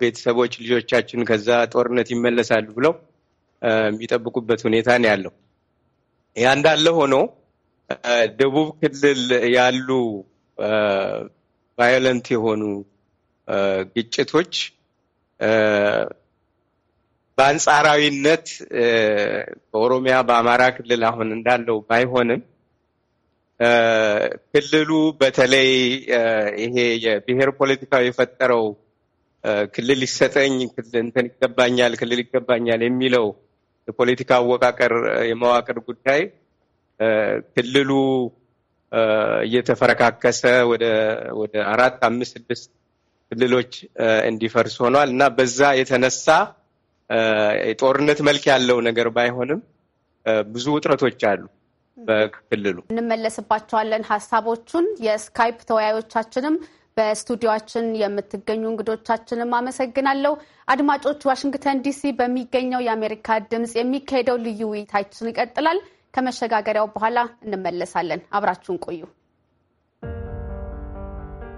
ቤተሰቦች ልጆቻችን ከዛ ጦርነት ይመለሳሉ ብለው የሚጠብቁበት ሁኔታ ነው ያለው። ያ እንዳለ ሆኖ ደቡብ ክልል ያሉ ቫዮለንት የሆኑ ግጭቶች በአንጻራዊነት በኦሮሚያ፣ በአማራ ክልል አሁን እንዳለው ባይሆንም ክልሉ በተለይ ይሄ የብሔር ፖለቲካው የፈጠረው ክልል ይሰጠኝ እንትን ይገባኛል ክልል ይገባኛል የሚለው የፖለቲካ አወቃቀር የመዋቅር ጉዳይ ክልሉ እየተፈረካከሰ ወደ ወደ አራት አምስት ስድስት ክልሎች እንዲፈርስ ሆኗል እና በዛ የተነሳ የጦርነት መልክ ያለው ነገር ባይሆንም ብዙ ውጥረቶች አሉ በክልሉ። እንመለስባቸዋለን ሀሳቦቹን። የስካይፕ ተወያዮቻችንም በስቱዲዮችን የምትገኙ እንግዶቻችንም አመሰግናለሁ። አድማጮች፣ ዋሽንግተን ዲሲ በሚገኘው የአሜሪካ ድምፅ የሚካሄደው ልዩ ውይይታችን ይቀጥላል። ከመሸጋገሪያው በኋላ እንመለሳለን። አብራችሁን ቆዩ።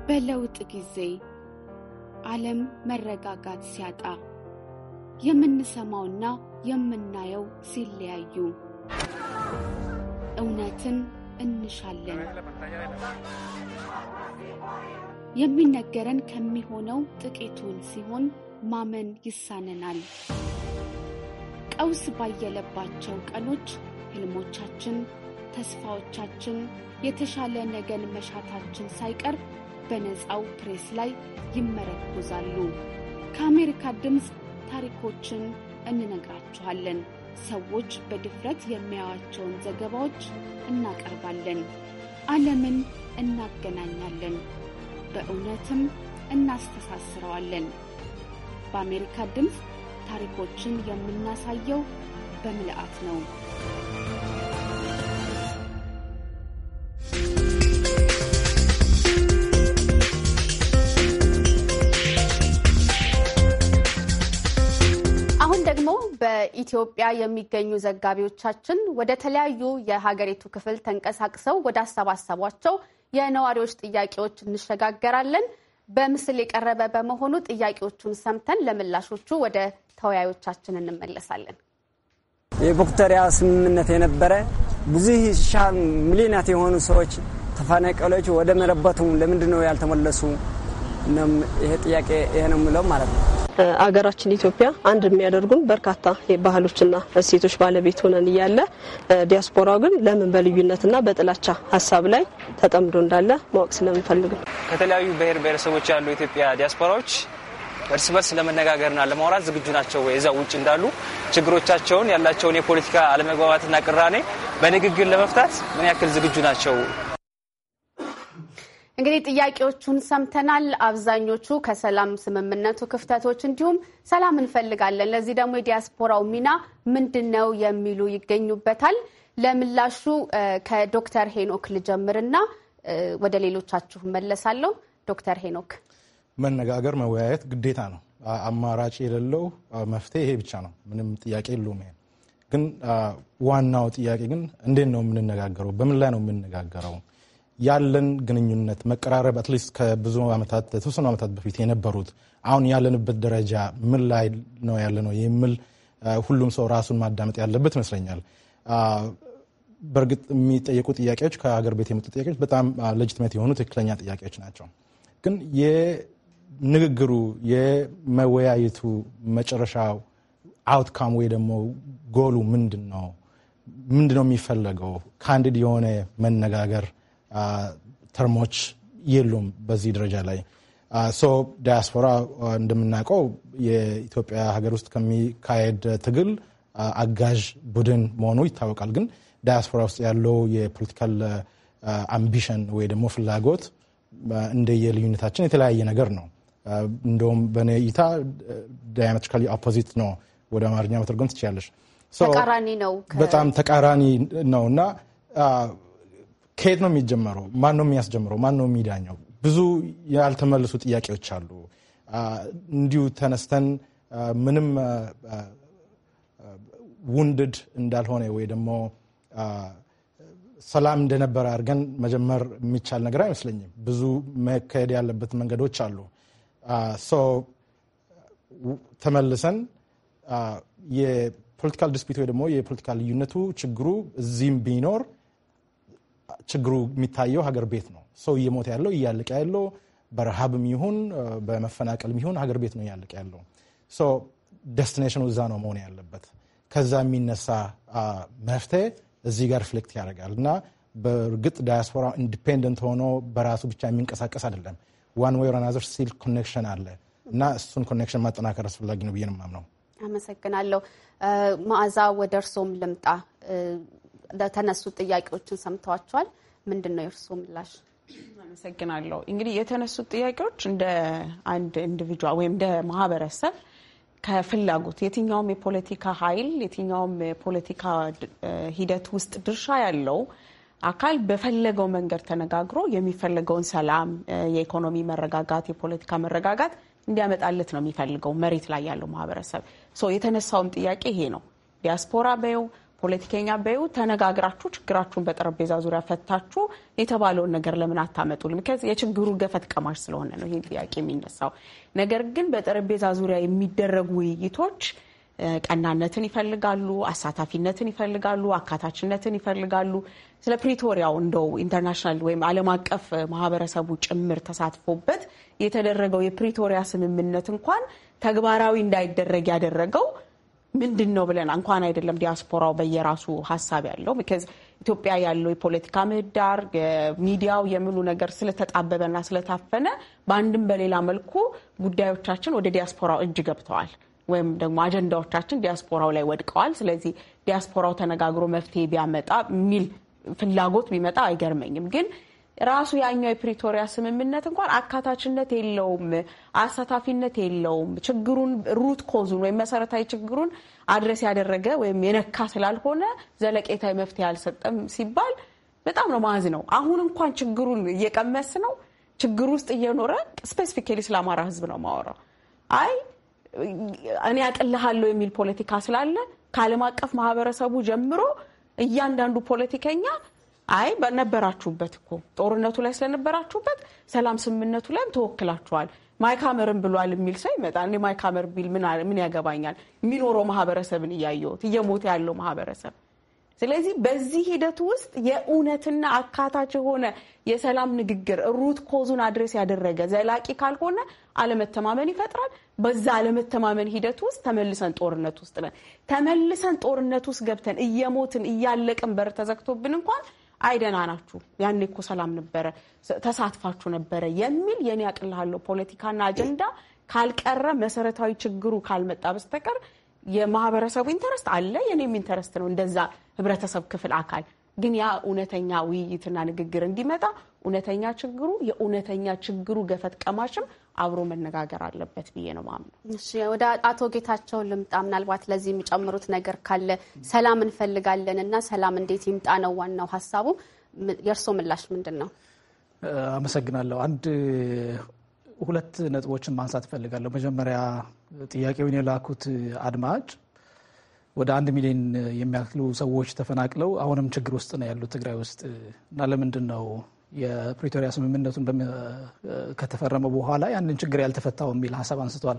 በለውጥ ጊዜ ዓለም መረጋጋት ሲያጣ የምንሰማውና የምናየው ሲለያዩ እውነትን እንሻለን። የሚነገረን ከሚሆነው ጥቂቱን ሲሆን ማመን ይሳነናል። ቀውስ ባየለባቸው ቀኖች ህልሞቻችን፣ ተስፋዎቻችን፣ የተሻለ ነገን መሻታችን ሳይቀር በነፃው ፕሬስ ላይ ይመረኮዛሉ። ከአሜሪካ ድምፅ ታሪኮችን እንነግራችኋለን። ሰዎች በድፍረት የሚያያቸውን ዘገባዎች እናቀርባለን። ዓለምን እናገናኛለን፣ በእውነትም እናስተሳስረዋለን። በአሜሪካ ድምፅ ታሪኮችን የምናሳየው በምልአት ነው። በኢትዮጵያ የሚገኙ ዘጋቢዎቻችን ወደ ተለያዩ የሀገሪቱ ክፍል ተንቀሳቅሰው ወደ አሰባሰቧቸው የነዋሪዎች ጥያቄዎች እንሸጋገራለን። በምስል የቀረበ በመሆኑ ጥያቄዎቹን ሰምተን ለምላሾቹ ወደ ተወያዮቻችን እንመለሳለን። የቦክተሪያ ስምምነት የነበረ ብዙ ሻ ሚሊናት የሆኑ ሰዎች ተፈናቃዮች ወደ መረበቱ ለምንድን ነው ያልተመለሱ? ይሄ ጥያቄ ይሄ ነው የምለው ማለት ነው። አገራችን ኢትዮጵያ አንድ የሚያደርጉን በርካታ ባህሎችና እሴቶች ባለቤት ሆነን እያለ ዲያስፖራው ግን ለምን በልዩነትና በጥላቻ ሀሳብ ላይ ተጠምዶ እንዳለ ማወቅ ስለምፈልግ ነው። ከተለያዩ ብሔር ብሔረሰቦች ያሉ የኢትዮጵያ ዲያስፖራዎች እርስ በርስ ለመነጋገርና ለማውራት ዝግጁ ናቸው ወይ? እዛ ውጭ እንዳሉ ችግሮቻቸውን ያላቸውን የፖለቲካ አለመግባባትና ቅራኔ በንግግር ለመፍታት ምን ያክል ዝግጁ ናቸው? እንግዲህ ጥያቄዎቹን ሰምተናል። አብዛኞቹ ከሰላም ስምምነቱ ክፍተቶች፣ እንዲሁም ሰላም እንፈልጋለን፣ ለዚህ ደግሞ የዲያስፖራው ሚና ምንድን ነው የሚሉ ይገኙበታል። ለምላሹ ከዶክተር ሄኖክ ልጀምርና ወደ ሌሎቻችሁ መለሳለሁ። ዶክተር ሄኖክ መነጋገር፣ መወያየት ግዴታ ነው። አማራጭ የሌለው መፍትሄ ይሄ ብቻ ነው። ምንም ጥያቄ የለውም። ይሄ ግን ዋናው ጥያቄ ግን እንዴት ነው የምንነጋገረው? በምን ላይ ነው የምንነጋገረው? ያለን ግንኙነት መቀራረብ አትሊስት ከብዙ ዓመታት ተወሰኑ ዓመታት በፊት የነበሩት አሁን ያለንበት ደረጃ ምን ላይ ነው ያለ ነው የሚል ሁሉም ሰው ራሱን ማዳመጥ ያለበት ይመስለኛል። በእርግጥ የሚጠየቁ ጥያቄዎች ከሀገር ቤት የመጡ ጥያቄዎች በጣም ሌጅትሜት የሆኑ ትክክለኛ ጥያቄዎች ናቸው። ግን የንግግሩ የመወያየቱ መጨረሻው አውትካም ወይ ደግሞ ጎሉ ምንድን ነው? ምንድን ነው የሚፈለገው? ካንዲድ የሆነ መነጋገር ተርሞች የሉም በዚህ ደረጃ ላይ ሶ ዳያስፖራ እንደምናውቀው የኢትዮጵያ ሀገር ውስጥ ከሚካሄድ ትግል አጋዥ ቡድን መሆኑ ይታወቃል። ግን ዳያስፖራ ውስጥ ያለው የፖለቲካል አምቢሽን ወይ ደግሞ ፍላጎት እንደየልዩነታችን የተለያየ ነገር ነው። እንደውም በእኔ እይታ ዳያሜትሪካሊ ኦፖዚት ነው። ወደ አማርኛ መተርጎም ትችላለች። ተቃራኒ ነው፣ በጣም ተቃራኒ ነው እና ከየት ነው የሚጀመረው? ማን ነው የሚያስጀምረው? ማን ነው የሚዳኘው? ብዙ ያልተመለሱ ጥያቄዎች አሉ። እንዲሁ ተነስተን ምንም ውንድድ እንዳልሆነ ወይ ደግሞ ሰላም እንደነበረ አድርገን መጀመር የሚቻል ነገር አይመስለኝም። ብዙ መካሄድ ያለበት መንገዶች አሉ። ተመልሰን የፖለቲካል ዲስፒት ወይ ደግሞ የፖለቲካል ልዩነቱ ችግሩ እዚህም ቢኖር ችግሩ የሚታየው ሀገር ቤት ነው። ሰው እየሞተ ያለው እያለቀ ያለው በረሃብም ይሁን በመፈናቀልም ይሁን ሀገር ቤት ነው እያለቀ ያለው። ደስቲኔሽኑ እዛ ነው መሆን ያለበት። ከዛ የሚነሳ መፍትሄ እዚህ ጋር ሪፍሌክት ያደርጋል እና በእርግጥ ዳያስፖራ ኢንዲፔንደንት ሆኖ በራሱ ብቻ የሚንቀሳቀስ አይደለም። ዋን ወይ ኦናዘር ሲል ኮኔክሽን አለ እና እሱን ኮኔክሽን ማጠናከር አስፈላጊ ነው ብዬ ነው የማምነው። አመሰግናለሁ። መዓዛ ወደ እርሶም ልምጣ። የተነሱ ጥያቄዎችን ሰምተዋቸዋል። ምንድን ነው የእርስዎ ምላሽ? አመሰግናለሁ። እንግዲህ የተነሱት ጥያቄዎች እንደ አንድ ኢንዲቪጁዋል ወይም እንደ ማህበረሰብ ከፍላጎት የትኛውም የፖለቲካ ኃይል የትኛውም የፖለቲካ ሂደት ውስጥ ድርሻ ያለው አካል በፈለገው መንገድ ተነጋግሮ የሚፈልገውን ሰላም፣ የኢኮኖሚ መረጋጋት፣ የፖለቲካ መረጋጋት እንዲያመጣለት ነው የሚፈልገው መሬት ላይ ያለው ማህበረሰብ። የተነሳውም ጥያቄ ይሄ ነው። ዲያስፖራ በይው ፖለቲከኛ በዩ ተነጋግራችሁ ችግራችሁን በጠረጴዛ ዙሪያ ፈታችሁ የተባለውን ነገር ለምን አታመጡልም? ከዚህ የችግሩ ገፈት ቀማሽ ስለሆነ ነው ይህ ጥያቄ የሚነሳው። ነገር ግን በጠረጴዛ ዙሪያ የሚደረጉ ውይይቶች ቀናነትን ይፈልጋሉ፣ አሳታፊነትን ይፈልጋሉ፣ አካታችነትን ይፈልጋሉ። ስለ ፕሪቶሪያው እንደው ኢንተርናሽናል ወይም ዓለም አቀፍ ማህበረሰቡ ጭምር ተሳትፎበት የተደረገው የፕሪቶሪያ ስምምነት እንኳን ተግባራዊ እንዳይደረግ ያደረገው ምንድን ነው ብለን እንኳን አይደለም ዲያስፖራው በየራሱ ሀሳብ ያለው ኢትዮጵያ ያለው የፖለቲካ ምህዳር ሚዲያው የሚሉ ነገር ስለተጣበበና ስለታፈነ በአንድም በሌላ መልኩ ጉዳዮቻችን ወደ ዲያስፖራው እጅ ገብተዋል ወይም ደግሞ አጀንዳዎቻችን ዲያስፖራው ላይ ወድቀዋል። ስለዚህ ዲያስፖራው ተነጋግሮ መፍትሄ ቢያመጣ የሚል ፍላጎት ቢመጣ አይገርመኝም ግን ራሱ ያኛው የፕሪቶሪያ ስምምነት እንኳን አካታችነት የለውም፣ አሳታፊነት የለውም። ችግሩን ሩት ኮዙን ወይም መሰረታዊ ችግሩን አድረስ ያደረገ ወይም የነካ ስላልሆነ ዘለቄታዊ መፍትሄ አልሰጠም ሲባል በጣም ነው ማዝ ነው። አሁን እንኳን ችግሩን እየቀመስ ነው። ችግር ውስጥ እየኖረ ስፔሲፊካሊ ስለ አማራ ህዝብ ነው ማወራው። አይ እኔ አቅልሃለሁ የሚል ፖለቲካ ስላለ ከዓለም አቀፍ ማህበረሰቡ ጀምሮ እያንዳንዱ ፖለቲከኛ አይ በነበራችሁበት እኮ ጦርነቱ ላይ ስለነበራችሁበት ሰላም ስምምነቱ ላይም ተወክላችኋል ማይካመርን ብሏል የሚል ሰው ይመጣል። እኔ ማይካመር ቢል ምን ያገባኛል? የሚኖረው ማህበረሰብን እያየሁት እየሞተ ያለው ማህበረሰብ። ስለዚህ በዚህ ሂደት ውስጥ የእውነትና አካታች የሆነ የሰላም ንግግር ሩት ኮዙን አድሬስ ያደረገ ዘላቂ ካልሆነ አለመተማመን ይፈጥራል። በዛ አለመተማመን ሂደት ውስጥ ተመልሰን ጦርነት ውስጥ ነን። ተመልሰን ጦርነት ውስጥ ገብተን እየሞትን እያለቅን በር ተዘግቶብን እንኳን አይደና ናችሁ ያኔ እኮ ሰላም ነበረ፣ ተሳትፋችሁ ነበረ የሚል የኔ ያቅልሃለሁ ፖለቲካና አጀንዳ ካልቀረ መሰረታዊ ችግሩ ካልመጣ በስተቀር የማህበረሰቡ ኢንተረስት አለ፣ የኔም ኢንተረስት ነው እንደዛ ህብረተሰብ ክፍል አካል ግን ያ እውነተኛ ውይይትና ንግግር እንዲመጣ እውነተኛ ችግሩ የእውነተኛ ችግሩ ገፈት ቀማሽም አብሮ መነጋገር አለበት ብዬ ነው ማምነው። ወደ አቶ ጌታቸው ልምጣ። ምናልባት ለዚህ የሚጨምሩት ነገር ካለ ሰላም እንፈልጋለን እና ሰላም እንዴት ይምጣ ነው ዋናው ሀሳቡ። የእርስዎ ምላሽ ምንድን ነው? አመሰግናለሁ። አንድ ሁለት ነጥቦችን ማንሳት እፈልጋለሁ። መጀመሪያ ጥያቄውን የላኩት አድማጭ ወደ አንድ ሚሊዮን የሚያክሉ ሰዎች ተፈናቅለው አሁንም ችግር ውስጥ ነው ያሉት ትግራይ ውስጥ እና ለምንድን ነው የፕሪቶሪያ ስምምነቱን ከተፈረመ በኋላ ያንን ችግር ያልተፈታው የሚል ሀሳብ አንስቷል።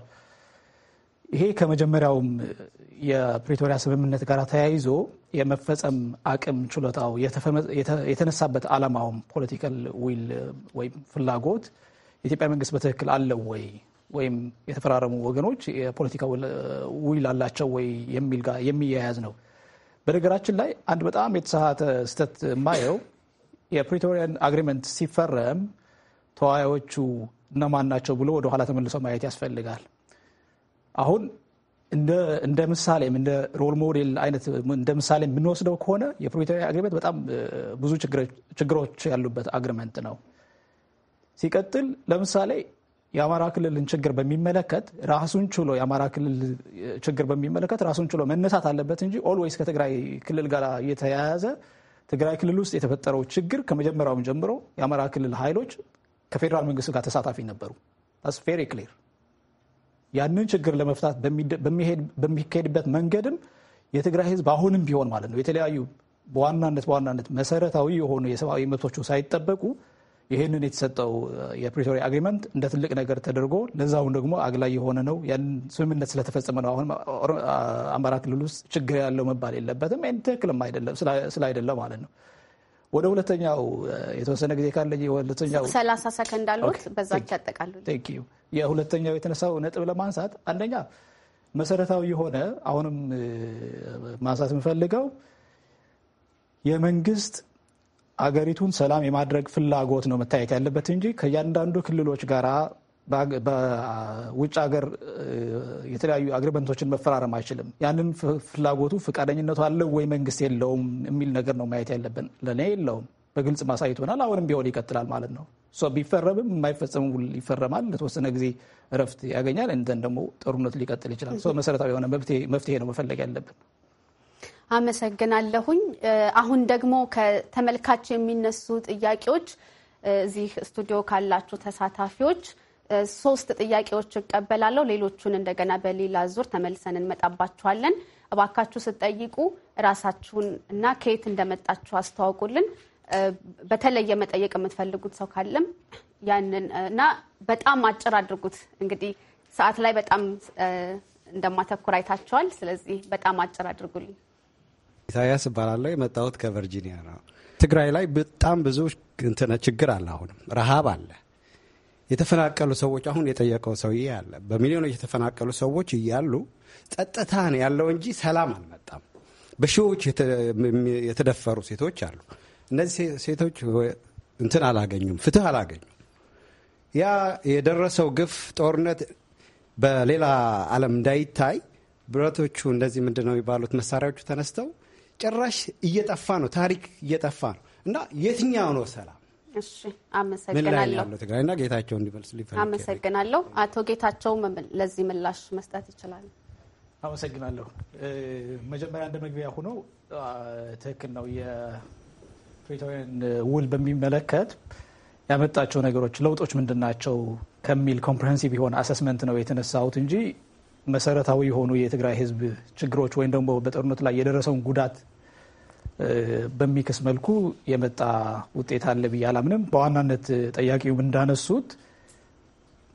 ይሄ ከመጀመሪያውም የፕሪቶሪያ ስምምነት ጋር ተያይዞ የመፈጸም አቅም ችሎታው የተነሳበት ዓላማውም ፖለቲካል ዊል ወይም ፍላጎት የኢትዮጵያ መንግስት በትክክል አለው ወይ ወይም የተፈራረሙ ወገኖች የፖለቲካ ዊል አላቸው ወይ የሚል ጋር የሚያያዝ ነው። በነገራችን ላይ አንድ በጣም የተሳሳተ ስህተት የማየው የፕሪቶሪያን አግሪመንት ሲፈረም ተወያዮቹ እነማን ናቸው ብሎ ወደኋላ ተመልሶ ማየት ያስፈልጋል። አሁን እንደ ምሳሌም እንደ ሮል ሞዴል አይነት እንደ ምሳሌ የምንወስደው ከሆነ የፕሪቶሪያ አግሪመንት በጣም ብዙ ችግሮች ያሉበት አግሪመንት ነው። ሲቀጥል ለምሳሌ የአማራ ክልልን ችግር በሚመለከት ራሱን ችሎ የአማራ ክልል ችግር በሚመለከት ራሱን ችሎ መነሳት አለበት እንጂ ኦልዌይስ ከትግራይ ክልል ጋር እየተያያዘ ትግራይ ክልል ውስጥ የተፈጠረው ችግር ከመጀመሪያውም ጀምሮ የአማራ ክልል ኃይሎች ከፌዴራል መንግስት ጋር ተሳታፊ ነበሩ። ስ ክሊር። ያንን ችግር ለመፍታት በሚካሄድበት መንገድም የትግራይ ህዝብ አሁንም ቢሆን ማለት ነው የተለያዩ በዋናነት በዋናነት መሰረታዊ የሆኑ የሰብአዊ መብቶቹ ሳይጠበቁ ይህንን የተሰጠው የፕሪቶሪያ አግሪመንት እንደ ትልቅ ነገር ተደርጎ ለዛውን ደግሞ አግላይ የሆነ ነው። ያን ስምምነት ስለተፈጸመ ነው አሁን አማራ ክልል ውስጥ ችግር ያለው መባል የለበትም። ትክክልም አይደለም ማለት ነው። ወደ ሁለተኛው የተወሰነ ጊዜ ካለ ሁለተኛው ሰላሳ ሰከንድ አሉት በዛች ያጠቃሉ። የሁለተኛው የተነሳው ነጥብ ለማንሳት አንደኛ መሰረታዊ የሆነ አሁንም ማንሳት የምፈልገው የመንግስት አገሪቱን ሰላም የማድረግ ፍላጎት ነው መታየት ያለበት እንጂ ከእያንዳንዱ ክልሎች ጋር በውጭ ሀገር የተለያዩ አግሪመንቶችን መፈራረም አይችልም። ያንን ፍላጎቱ ፈቃደኝነቱ አለው ወይ መንግስት የለውም የሚል ነገር ነው ማየት ያለብን። ለእኔ የለውም በግልጽ ማሳየት ሆናል። አሁንም ቢሆን ይቀጥላል ማለት ነው። ቢፈረምም የማይፈጸም ውል ይፈረማል። ለተወሰነ ጊዜ እረፍት ያገኛል። እንደን ደግሞ ጦርነት ሊቀጥል ይችላል። መሰረታዊ የሆነ መፍትሄ ነው መፈለግ ያለብን። አመሰግናለሁኝ። አሁን ደግሞ ከተመልካች የሚነሱ ጥያቄዎች እዚህ ስቱዲዮ ካላችሁ ተሳታፊዎች ሶስት ጥያቄዎች እቀበላለሁ። ሌሎቹን እንደገና በሌላ ዙር ተመልሰን እንመጣባችኋለን። እባካችሁ ስትጠይቁ ራሳችሁን እና ከየት እንደመጣችሁ አስተዋውቁልን። በተለየ መጠየቅ የምትፈልጉት ሰው ካለም ያንን እና በጣም አጭር አድርጉት። እንግዲህ ሰዓት ላይ በጣም እንደማተኩር አይታችኋል። ስለዚህ በጣም አጭር አድርጉልኝ። ኢሳያስ እባላለሁ። የመጣሁት ከቨርጂኒያ ነው። ትግራይ ላይ በጣም ብዙ እንትነ ችግር አለ። አሁንም ረሃብ አለ። የተፈናቀሉ ሰዎች አሁን የጠየቀው ሰውዬ አለ። በሚሊዮኖች የተፈናቀሉ ሰዎች እያሉ ጸጥታ ነው ያለው እንጂ ሰላም አልመጣም። በሺዎች የተደፈሩ ሴቶች አሉ። እነዚህ ሴቶች እንትን አላገኙም፣ ፍትህ አላገኙም። ያ የደረሰው ግፍ ጦርነት በሌላ ዓለም እንዳይታይ ብረቶቹ እንደዚህ ምንድን ነው የሚባሉት መሳሪያዎቹ ተነስተው ጭራሽ እየጠፋ ነው፣ ታሪክ እየጠፋ ነው እና የትኛው ነው ሰላም? እሺ አመሰግናለሁ። ትግራይና ጌታቸው እንዲመልስ አመሰግናለሁ። አቶ ጌታቸው ለዚህ ምላሽ መስጠት ይችላል። አመሰግናለሁ። መጀመሪያ እንደ መግቢያ ሆኖ ትክክል ነው። የፕሪቶሪያን ውል በሚመለከት ያመጣቸው ነገሮች ለውጦች ምንድን ናቸው ከሚል ኮምፕሬሄንሲቭ የሆነ አሰስመንት ነው የተነሳሁት እንጂ መሰረታዊ የሆኑ የትግራይ ህዝብ ችግሮች ወይም ደግሞ በጦርነት ላይ የደረሰውን ጉዳት በሚክስ መልኩ የመጣ ውጤት አለ ብዬ አላምንም። በዋናነት ጠያቂውም እንዳነሱት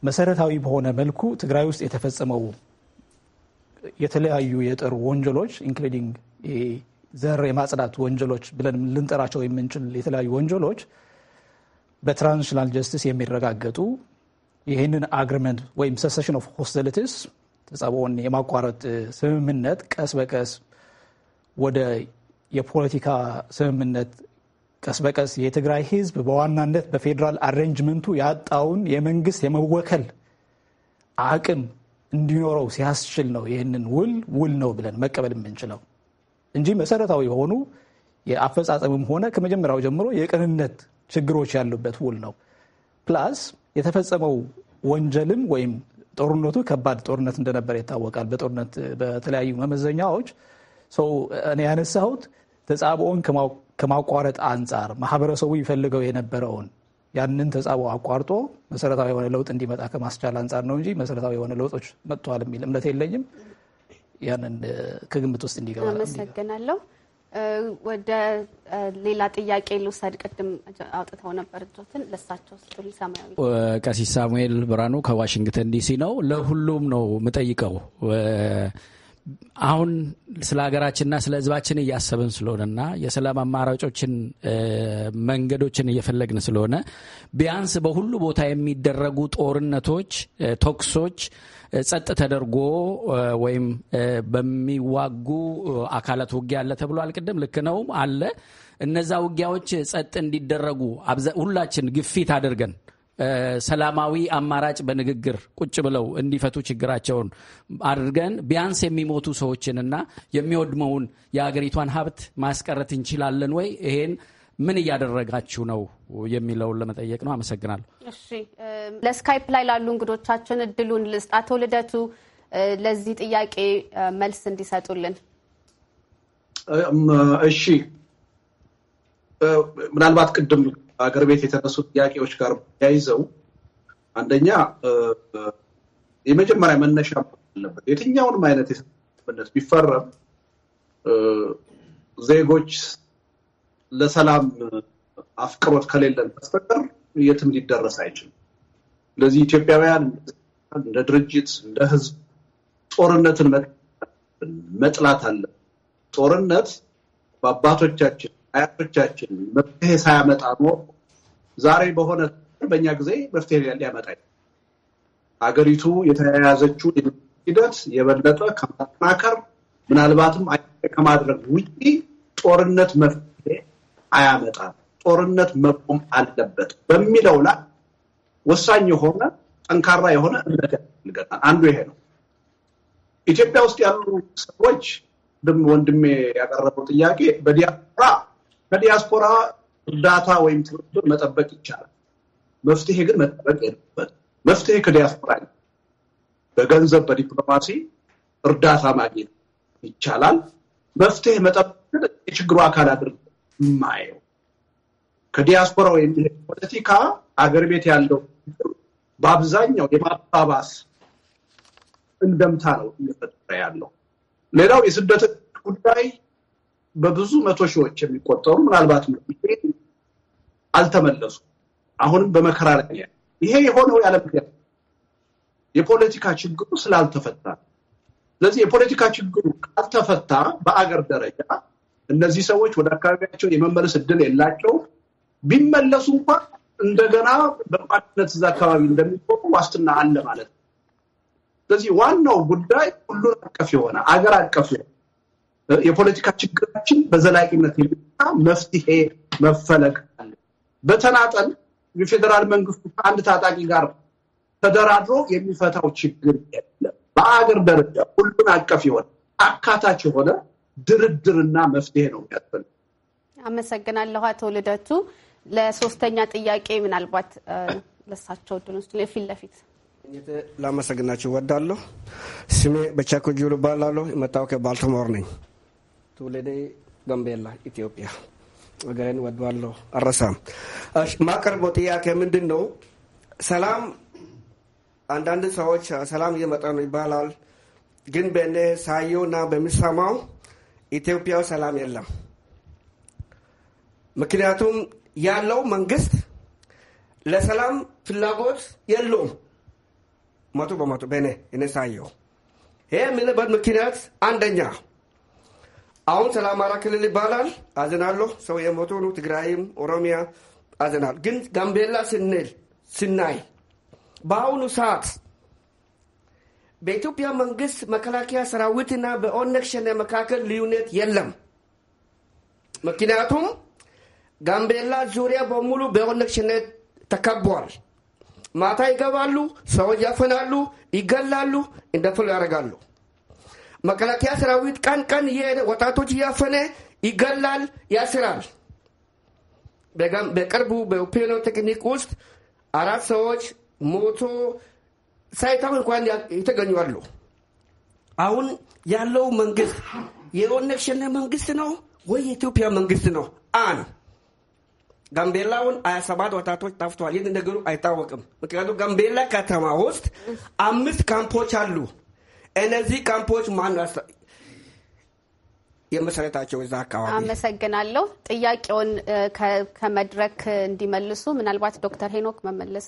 መሰረታዊ በሆነ መልኩ ትግራይ ውስጥ የተፈጸመው የተለያዩ የጦር ወንጀሎች ኢንክሉዲንግ ዘር የማጽዳት ወንጀሎች ብለን ልንጠራቸው የምንችል የተለያዩ ወንጀሎች በትራንዚሽናል ጀስቲስ የሚረጋገጡ ይህንን አግሪመንት ወይም ሰሴሽን ኦፍ ሆስቲሊቲስ ጸቦን የማቋረጥ ስምምነት ቀስ በቀስ ወደ የፖለቲካ ስምምነት ቀስ በቀስ የትግራይ ህዝብ በዋናነት በፌዴራል አሬንጅመንቱ ያጣውን የመንግስት የመወከል አቅም እንዲኖረው ሲያስችል ነው ይህንን ውል ውል ነው ብለን መቀበል የምንችለው እንጂ መሰረታዊ የሆኑ የአፈጻጸምም ሆነ ከመጀመሪያው ጀምሮ የቅንነት ችግሮች ያሉበት ውል ነው። ፕላስ የተፈጸመው ወንጀልም ወይም ጦርነቱ ከባድ ጦርነት እንደነበረ ይታወቃል። በጦርነት በተለያዩ መመዘኛዎች ሰው እኔ ያነሳሁት ተጻብኦን ከማቋረጥ አንጻር ማህበረሰቡ ይፈልገው የነበረውን ያንን ተጻቦ አቋርጦ መሰረታዊ የሆነ ለውጥ እንዲመጣ ከማስቻል አንጻር ነው እንጂ መሰረታዊ የሆነ ለውጦች መጥተዋል የሚል እምነት የለኝም። ያንን ከግምት ውስጥ እንዲገባ አመሰግናለሁ። ወደ ሌላ ጥያቄ ልውሰድ። ቅድም አውጥተው ነበር እጆትን ለሳቸው ስጡል። ሰማያዊ ቀሲስ ሳሙኤል ብርሃኑ ከዋሽንግተን ዲሲ ነው። ለሁሉም ነው የምጠይቀው አሁን ስለ ሀገራችንና ስለ ህዝባችን እያሰብን ስለሆነና የሰላም አማራጮችን መንገዶችን እየፈለግን ስለሆነ ቢያንስ በሁሉ ቦታ የሚደረጉ ጦርነቶች፣ ተኩሶች ጸጥ ተደርጎ ወይም በሚዋጉ አካላት ውጊያ አለ ተብሎ አልቅድም ልክ ነውም አለ እነዛ ውጊያዎች ጸጥ እንዲደረጉ ሁላችን ግፊት አድርገን ሰላማዊ አማራጭ በንግግር ቁጭ ብለው እንዲፈቱ ችግራቸውን አድርገን ቢያንስ የሚሞቱ ሰዎችንና የሚወድመውን የአገሪቷን ሀብት ማስቀረት እንችላለን ወይ? ይሄን ምን እያደረጋችሁ ነው የሚለውን ለመጠየቅ ነው። አመሰግናለሁ። እሺ፣ ለስካይፕ ላይ ላሉ እንግዶቻችን እድሉን ልስጥ። አቶ ልደቱ ለዚህ ጥያቄ መልስ እንዲሰጡልን። እሺ፣ ምናልባት ቅድም በሀገር ቤት የተነሱ ጥያቄዎች ጋር ተያይዘው አንደኛ የመጀመሪያ መነሻ አለበት። የትኛውንም አይነት የስምምነት ቢፈረም ዜጎች ለሰላም አፍቅሮት ከሌለን በስተቀር የትም ሊደረስ አይችልም። ስለዚህ ኢትዮጵያውያን እንደ ድርጅት እንደ ሕዝብ ጦርነትን መጥላት አለ። ጦርነት በአባቶቻችን አያቶቻችን መፍትሄ ሳያመጣ ኖሮ ዛሬ በሆነ በእኛ ጊዜ መፍትሄ ሊያመጣ ሀገሪቱ የተያያዘችው ሂደት የበለጠ ከማጠናከር ምናልባትም ከማድረግ ውጪ ጦርነት መፍትሄ አያመጣም። ጦርነት መቆም አለበት በሚለው ላይ ወሳኝ የሆነ ጠንካራ የሆነ እምነት ያስፈልገናል። አንዱ ይሄ ነው። ኢትዮጵያ ውስጥ ያሉ ሰዎች ወንድሜ ያቀረበው ጥያቄ በዲያስፖራ ከዲያስፖራ እርዳታ ወይም ትብብር መጠበቅ ይቻላል። መፍትሄ ግን መጠበቅ የለበት። መፍትሄ ከዲያስፖራ በገንዘብ በዲፕሎማሲ እርዳታ ማግኘት ይቻላል። መፍትሄ መጠበቅ የችግሩ አካል አድርግ ማየው ከዲያስፖራ ወይም ፖለቲካ አገር ቤት ያለው በአብዛኛው የማባባስ እንደምታ ነው እየፈጠረ ያለው። ሌላው የስደት ጉዳይ በብዙ መቶ ሺዎች የሚቆጠሩ ምናልባት አልተመለሱ፣ አሁንም በመከራ ላይ ይሄ የሆነው ያለ ምክንያት የፖለቲካ ችግሩ ስላልተፈታ ስለዚህ የፖለቲካ ችግሩ ካልተፈታ በአገር ደረጃ እነዚህ ሰዎች ወደ አካባቢያቸው የመመለስ እድል የላቸው። ቢመለሱ እንኳን እንደገና በቋሚነት እዛ አካባቢ እንደሚቆሙ ዋስትና አለ ማለት ነው። ስለዚህ ዋናው ጉዳይ ሁሉን አቀፍ የሆነ አገር አቀፍ የሆነ የፖለቲካ ችግራችን በዘላቂነት የሚመጣ መፍትሄ መፈለግ አለ። በተናጠል የፌዴራል መንግስቱ ከአንድ ታጣቂ ጋር ተደራድሮ የሚፈታው ችግር የለም። በአገር ደረጃ ሁሉን አቀፍ የሆነ አካታች የሆነ ድርድርና መፍትሄ ነው የሚያስፈልግ። አመሰግናለሁ አቶ ልደቱ። ለሶስተኛ ጥያቄ ምናልባት ለሳቸው ድን ድንስ ፊት ለፊት ላመሰግናችሁ እወዳለሁ። ስሜ በቻኮ ጁሉ እባላለሁ። የመጣሁ ከባልቲሞር ነኝ። ትውልዴ ጋምቤላ ኢትዮጵያ፣ ሀገሬን ወድዋለሁ፣ አረሳም። ማቀርበው ጥያቄ ምንድን ነው? ሰላም አንዳንድ ሰዎች ሰላም እየመጣ ነው ይባላል። ግን በእኔ ሳየውና በሚሰማው ኢትዮጵያ ሰላም የለም። ምክንያቱም ያለው መንግስት ለሰላም ፍላጎት የለውም። መቶ በመቶ በእኔ እኔ ሳየው ይህ የምልበት ምክንያት አንደኛ አሁን ስለ አማራ ክልል ይባላል። አዝናለሁ። ሰው የሞቱ ትግራይም፣ ኦሮሚያ አዘና ግን ጋምቤላ ስንል ስናይ በአሁኑ ሰዓት በኢትዮጵያ መንግስት መከላከያ ሰራዊትና በኦነግ ሸኔ መካከል ልዩነት የለም። ምክንያቱም ጋምቤላ ዙሪያ በሙሉ በኦነግ ሸኔ ተከቧል። ማታ ይገባሉ፣ ሰዎች ያፈናሉ፣ ይገላሉ፣ እንደፈሉ ያደርጋሉ። መከላከያ ሰራዊት ቀን ቀን ወጣቶች እያፈነ ይገላል፣ ያስራል። በቅርቡ በኦፔሎ ቴክኒክ ውስጥ አራት ሰዎች ሞቶ ሳይታው እንኳን የተገኙአሉ። አሁን ያለው መንግስት የኦነግ ሸኔ መንግስት ነው ወይ የኢትዮጵያ መንግስት ነው? አን ጋምቤላውን ሀያ ሰባት ወጣቶች ጠፍተዋል። ይህ ነገሩ አይታወቅም። ምክንያቱም ጋምቤላ ከተማ ውስጥ አምስት ካምፖች አሉ። እነዚህ ካምፖች ማን የመሰረታቸው እዛ አካባቢ። አመሰግናለሁ። ጥያቄውን ከመድረክ እንዲመልሱ ምናልባት ዶክተር ሄኖክ መመለስ።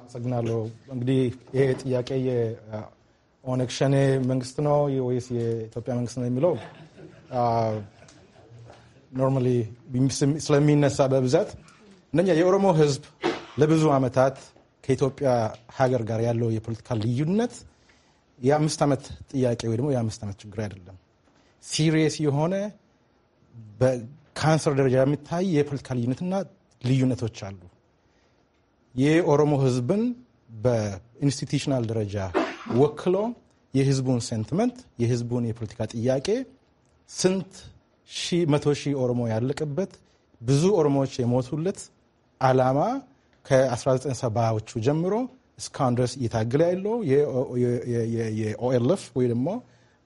አመሰግናለሁ። እንግዲህ ይሄ ጥያቄ የኦነግ ሸኔ መንግስት ነው ወይስ የኢትዮጵያ መንግስት ነው የሚለው ኖርማሊ ስለሚነሳ በብዛት እነኛ የኦሮሞ ህዝብ ለብዙ ዓመታት ከኢትዮጵያ ሀገር ጋር ያለው የፖለቲካ ልዩነት የአምስት ዓመት ጥያቄ ወይ ደግሞ የአምስት ዓመት ችግር አይደለም። ሲሪየስ የሆነ በካንሰር ደረጃ የሚታይ የፖለቲካ ልዩነትና ልዩነቶች አሉ። የኦሮሞ ህዝብን በኢንስቲቱሽናል ደረጃ ወክሎ የህዝቡን ሴንቲመንት የህዝቡን የፖለቲካ ጥያቄ ስንት መቶ ሺህ ኦሮሞ ያለቀበት ብዙ ኦሮሞዎች የሞቱለት አላማ ከ1970ዎቹ ጀምሮ እስካሁን ድረስ እየታገለ ያለው የኦኤልፍ ወይ ደግሞ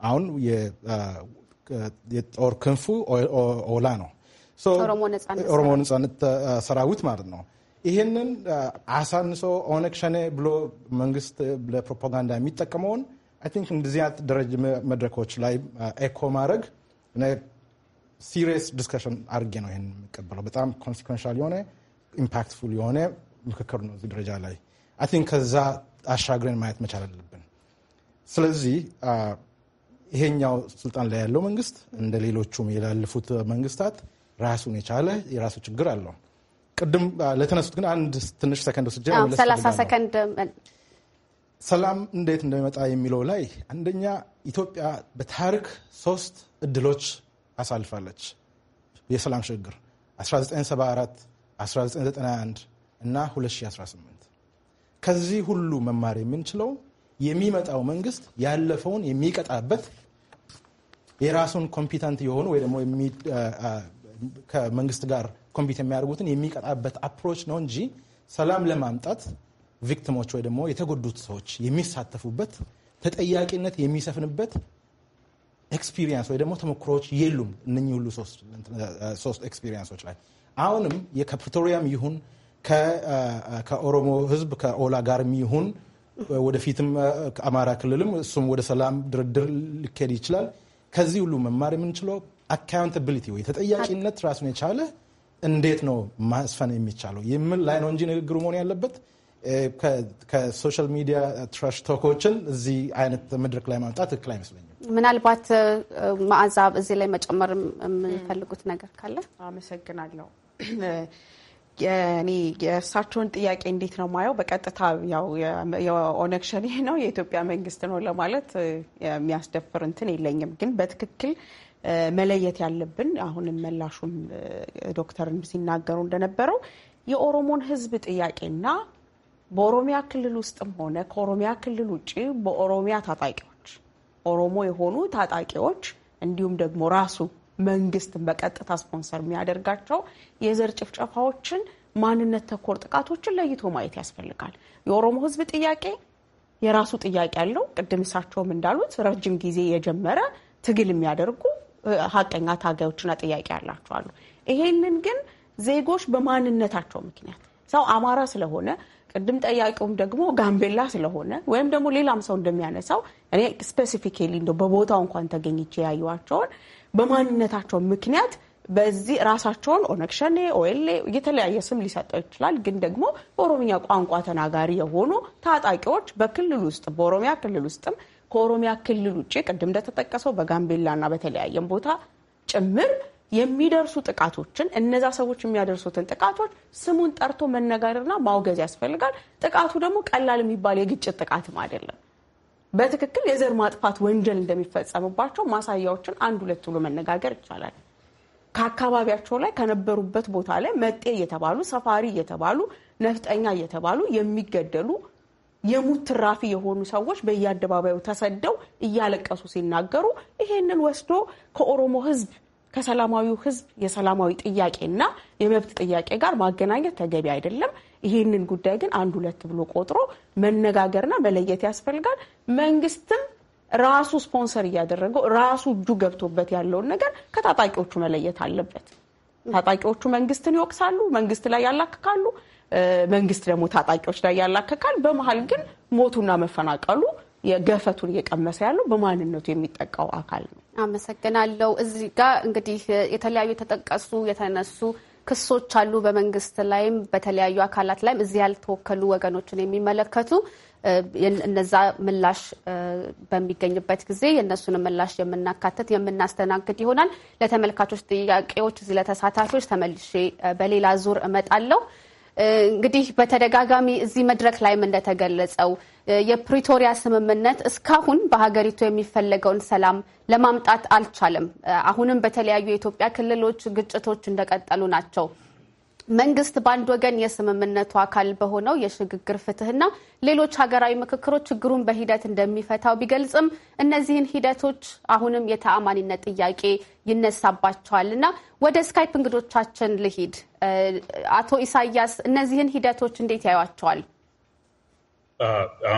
አሁን የጦር ክንፉ ኦላ ነው፣ ኦሮሞ ነጻነት ሰራዊት ማለት ነው። ይህንን አሳንሶ ኦነግ ሸኔ ብሎ መንግስት ለፕሮፓጋንዳ የሚጠቀመውን አይ ቲንክ እንደዚህ አይነት ደረጃ መድረኮች ላይ ኤኮ ማድረግ ሲሪየስ ዲስከሽን አድርጌ ነው ይህን የሚቀበለው። በጣም ኮንሲኮንሻል የሆነ ኢምፓክትፉል የሆነ ምክክር ነው እዚህ ደረጃ ላይ አይ ቲንክ ከዛ አሻግረን ማየት መቻል አለብን። ስለዚህ ይሄኛው ስልጣን ላይ ያለው መንግስት እንደ ሌሎቹም የላለፉት መንግስታት ራሱን የቻለ የራሱ ችግር አለው። ቅድም ለተነሱት ግን አንድ ትንሽ ሰከንድ ስጀ ሰላም እንዴት እንደሚመጣ የሚለው ላይ አንደኛ ኢትዮጵያ በታሪክ ሶስት እድሎች አሳልፋለች። የሰላም ሽግግር 1974፣ 1991 እና 2018 ከዚህ ሁሉ መማር የምንችለው የሚመጣው መንግስት ያለፈውን የሚቀጣበት የራሱን ኮምፒተንት የሆኑ ወይ ደግሞ ከመንግስት ጋር ኮምፒት የሚያደርጉትን የሚቀጣበት አፕሮች ነው እንጂ ሰላም ለማምጣት ቪክቲሞች ወይ ደግሞ የተጎዱት ሰዎች የሚሳተፉበት ተጠያቂነት የሚሰፍንበት ኤክስፒሪየንስ ወይ ደግሞ ተሞክሮዎች የሉም። እነኚህ ሁሉ ሶስት ኤክስፒሪየንሶች ላይ አሁንም ከፕሪቶሪያም ይሁን ከኦሮሞ ህዝብ ከኦላ ጋርም ይሁን ወደፊትም አማራ ክልልም እሱም ወደ ሰላም ድርድር ሊካሄድ ይችላል። ከዚህ ሁሉ መማር የምንችለው አካውንታብሊቲ ወይ ተጠያቂነት ራሱን የቻለ እንዴት ነው ማስፈን የሚቻለው የምን ላይ ነው እንጂ ንግግሩ መሆን ያለበት ከሶሻል ሚዲያ ትራሽ ቶኮችን እዚህ አይነት መድረክ ላይ ማምጣት ትክክል አይመስለኝም። ምናልባት መዓዛ እዚህ ላይ መጨመር የምንፈልጉት ነገር ካለ አመሰግናለሁ። እኔ የእሳቸውን ጥያቄ እንዴት ነው ማየው? በቀጥታ ያው የኦነግ ሸኔ ነው የኢትዮጵያ መንግስት ነው ለማለት የሚያስደፍር እንትን የለኝም። ግን በትክክል መለየት ያለብን አሁንም መላሹም ዶክተርን ሲናገሩ እንደነበረው የኦሮሞን ህዝብ ጥያቄና በኦሮሚያ ክልል ውስጥም ሆነ ከኦሮሚያ ክልል ውጭ በኦሮሚያ ታጣቂዎች ኦሮሞ የሆኑ ታጣቂዎች እንዲሁም ደግሞ ራሱ መንግስትን በቀጥታ ስፖንሰር የሚያደርጋቸው የዘር ጭፍጨፋዎችን፣ ማንነት ተኮር ጥቃቶችን ለይቶ ማየት ያስፈልጋል። የኦሮሞ ህዝብ ጥያቄ የራሱ ጥያቄ ያለው ቅድም እሳቸውም እንዳሉት ረጅም ጊዜ የጀመረ ትግል የሚያደርጉ ሀቀኛ ታጋዮችና ጥያቄ ያላቸዋሉ። ይሄንን ግን ዜጎች በማንነታቸው ምክንያት ሰው አማራ ስለሆነ ቅድም ጠያቂውም ደግሞ ጋምቤላ ስለሆነ ወይም ደግሞ ሌላም ሰው እንደሚያነሳው እኔ ስፔሲፊካሊ እንደው በቦታው እንኳን ተገኝቼ ያየኋቸውን በማንነታቸው ምክንያት በዚህ ራሳቸውን ኦነግ ሸኔ፣ ኦኤልኤ የተለያየ ስም ሊሰጠው ይችላል። ግን ደግሞ በኦሮምኛ ቋንቋ ተናጋሪ የሆኑ ታጣቂዎች በክልል ውስጥ በኦሮሚያ ክልል ውስጥም ከኦሮሚያ ክልል ውጭ ቅድም እንደተጠቀሰው በጋምቤላና በተለያየም ቦታ ጭምር የሚደርሱ ጥቃቶችን እነዛ ሰዎች የሚያደርሱትን ጥቃቶች ስሙን ጠርቶ መነጋገርና ማውገዝ ያስፈልጋል። ጥቃቱ ደግሞ ቀላል የሚባል የግጭት ጥቃትም አይደለም። በትክክል የዘር ማጥፋት ወንጀል እንደሚፈጸምባቸው ማሳያዎችን አንድ ሁለት ብሎ መነጋገር ይቻላል። ከአካባቢያቸው ላይ ከነበሩበት ቦታ ላይ መጤ እየተባሉ ሰፋሪ እየተባሉ ነፍጠኛ እየተባሉ የሚገደሉ የሙት ትራፊ የሆኑ ሰዎች በየአደባባዩ ተሰደው እያለቀሱ ሲናገሩ ይሄንን ወስዶ ከኦሮሞ ሕዝብ ከሰላማዊው ህዝብ የሰላማዊ ጥያቄና የመብት ጥያቄ ጋር ማገናኘት ተገቢ አይደለም። ይህንን ጉዳይ ግን አንድ ሁለት ብሎ ቆጥሮ መነጋገርና መለየት ያስፈልጋል። መንግስትም ራሱ ስፖንሰር እያደረገው ራሱ እጁ ገብቶበት ያለውን ነገር ከታጣቂዎቹ መለየት አለበት። ታጣቂዎቹ መንግስትን ይወቅሳሉ፣ መንግስት ላይ ያላክካሉ፣ መንግስት ደግሞ ታጣቂዎች ላይ ያላክካል። በመሀል ግን ሞቱና መፈናቀሉ የገፈቱን እየቀመሰ ያለው በማንነቱ የሚጠቃው አካል ነው። አመሰግናለሁ። እዚህ ጋር እንግዲህ የተለያዩ የተጠቀሱ የተነሱ ክሶች አሉ። በመንግስት ላይም በተለያዩ አካላት ላይም እዚህ ያልተወከሉ ወገኖችን የሚመለከቱ እነዛ ምላሽ በሚገኝበት ጊዜ የእነሱን ምላሽ የምናካተት የምናስተናግድ ይሆናል። ለተመልካቾች ጥያቄዎች እዚህ ለተሳታፊዎች ተመልሼ በሌላ ዙር እመጣለሁ። እንግዲህ በተደጋጋሚ እዚህ መድረክ ላይም እንደተገለጸው የፕሪቶሪያ ስምምነት እስካሁን በሀገሪቱ የሚፈለገውን ሰላም ለማምጣት አልቻለም። አሁንም በተለያዩ የኢትዮጵያ ክልሎች ግጭቶች እንደቀጠሉ ናቸው። መንግስት በአንድ ወገን የስምምነቱ አካል በሆነው የሽግግር ፍትህና ሌሎች ሀገራዊ ምክክሮች ችግሩን በሂደት እንደሚፈታው ቢገልጽም እነዚህን ሂደቶች አሁንም የተአማኒነት ጥያቄ ይነሳባቸዋል እና ወደ ስካይፕ እንግዶቻችን ልሂድ። አቶ ኢሳያስ እነዚህን ሂደቶች እንዴት ያዩቸዋል?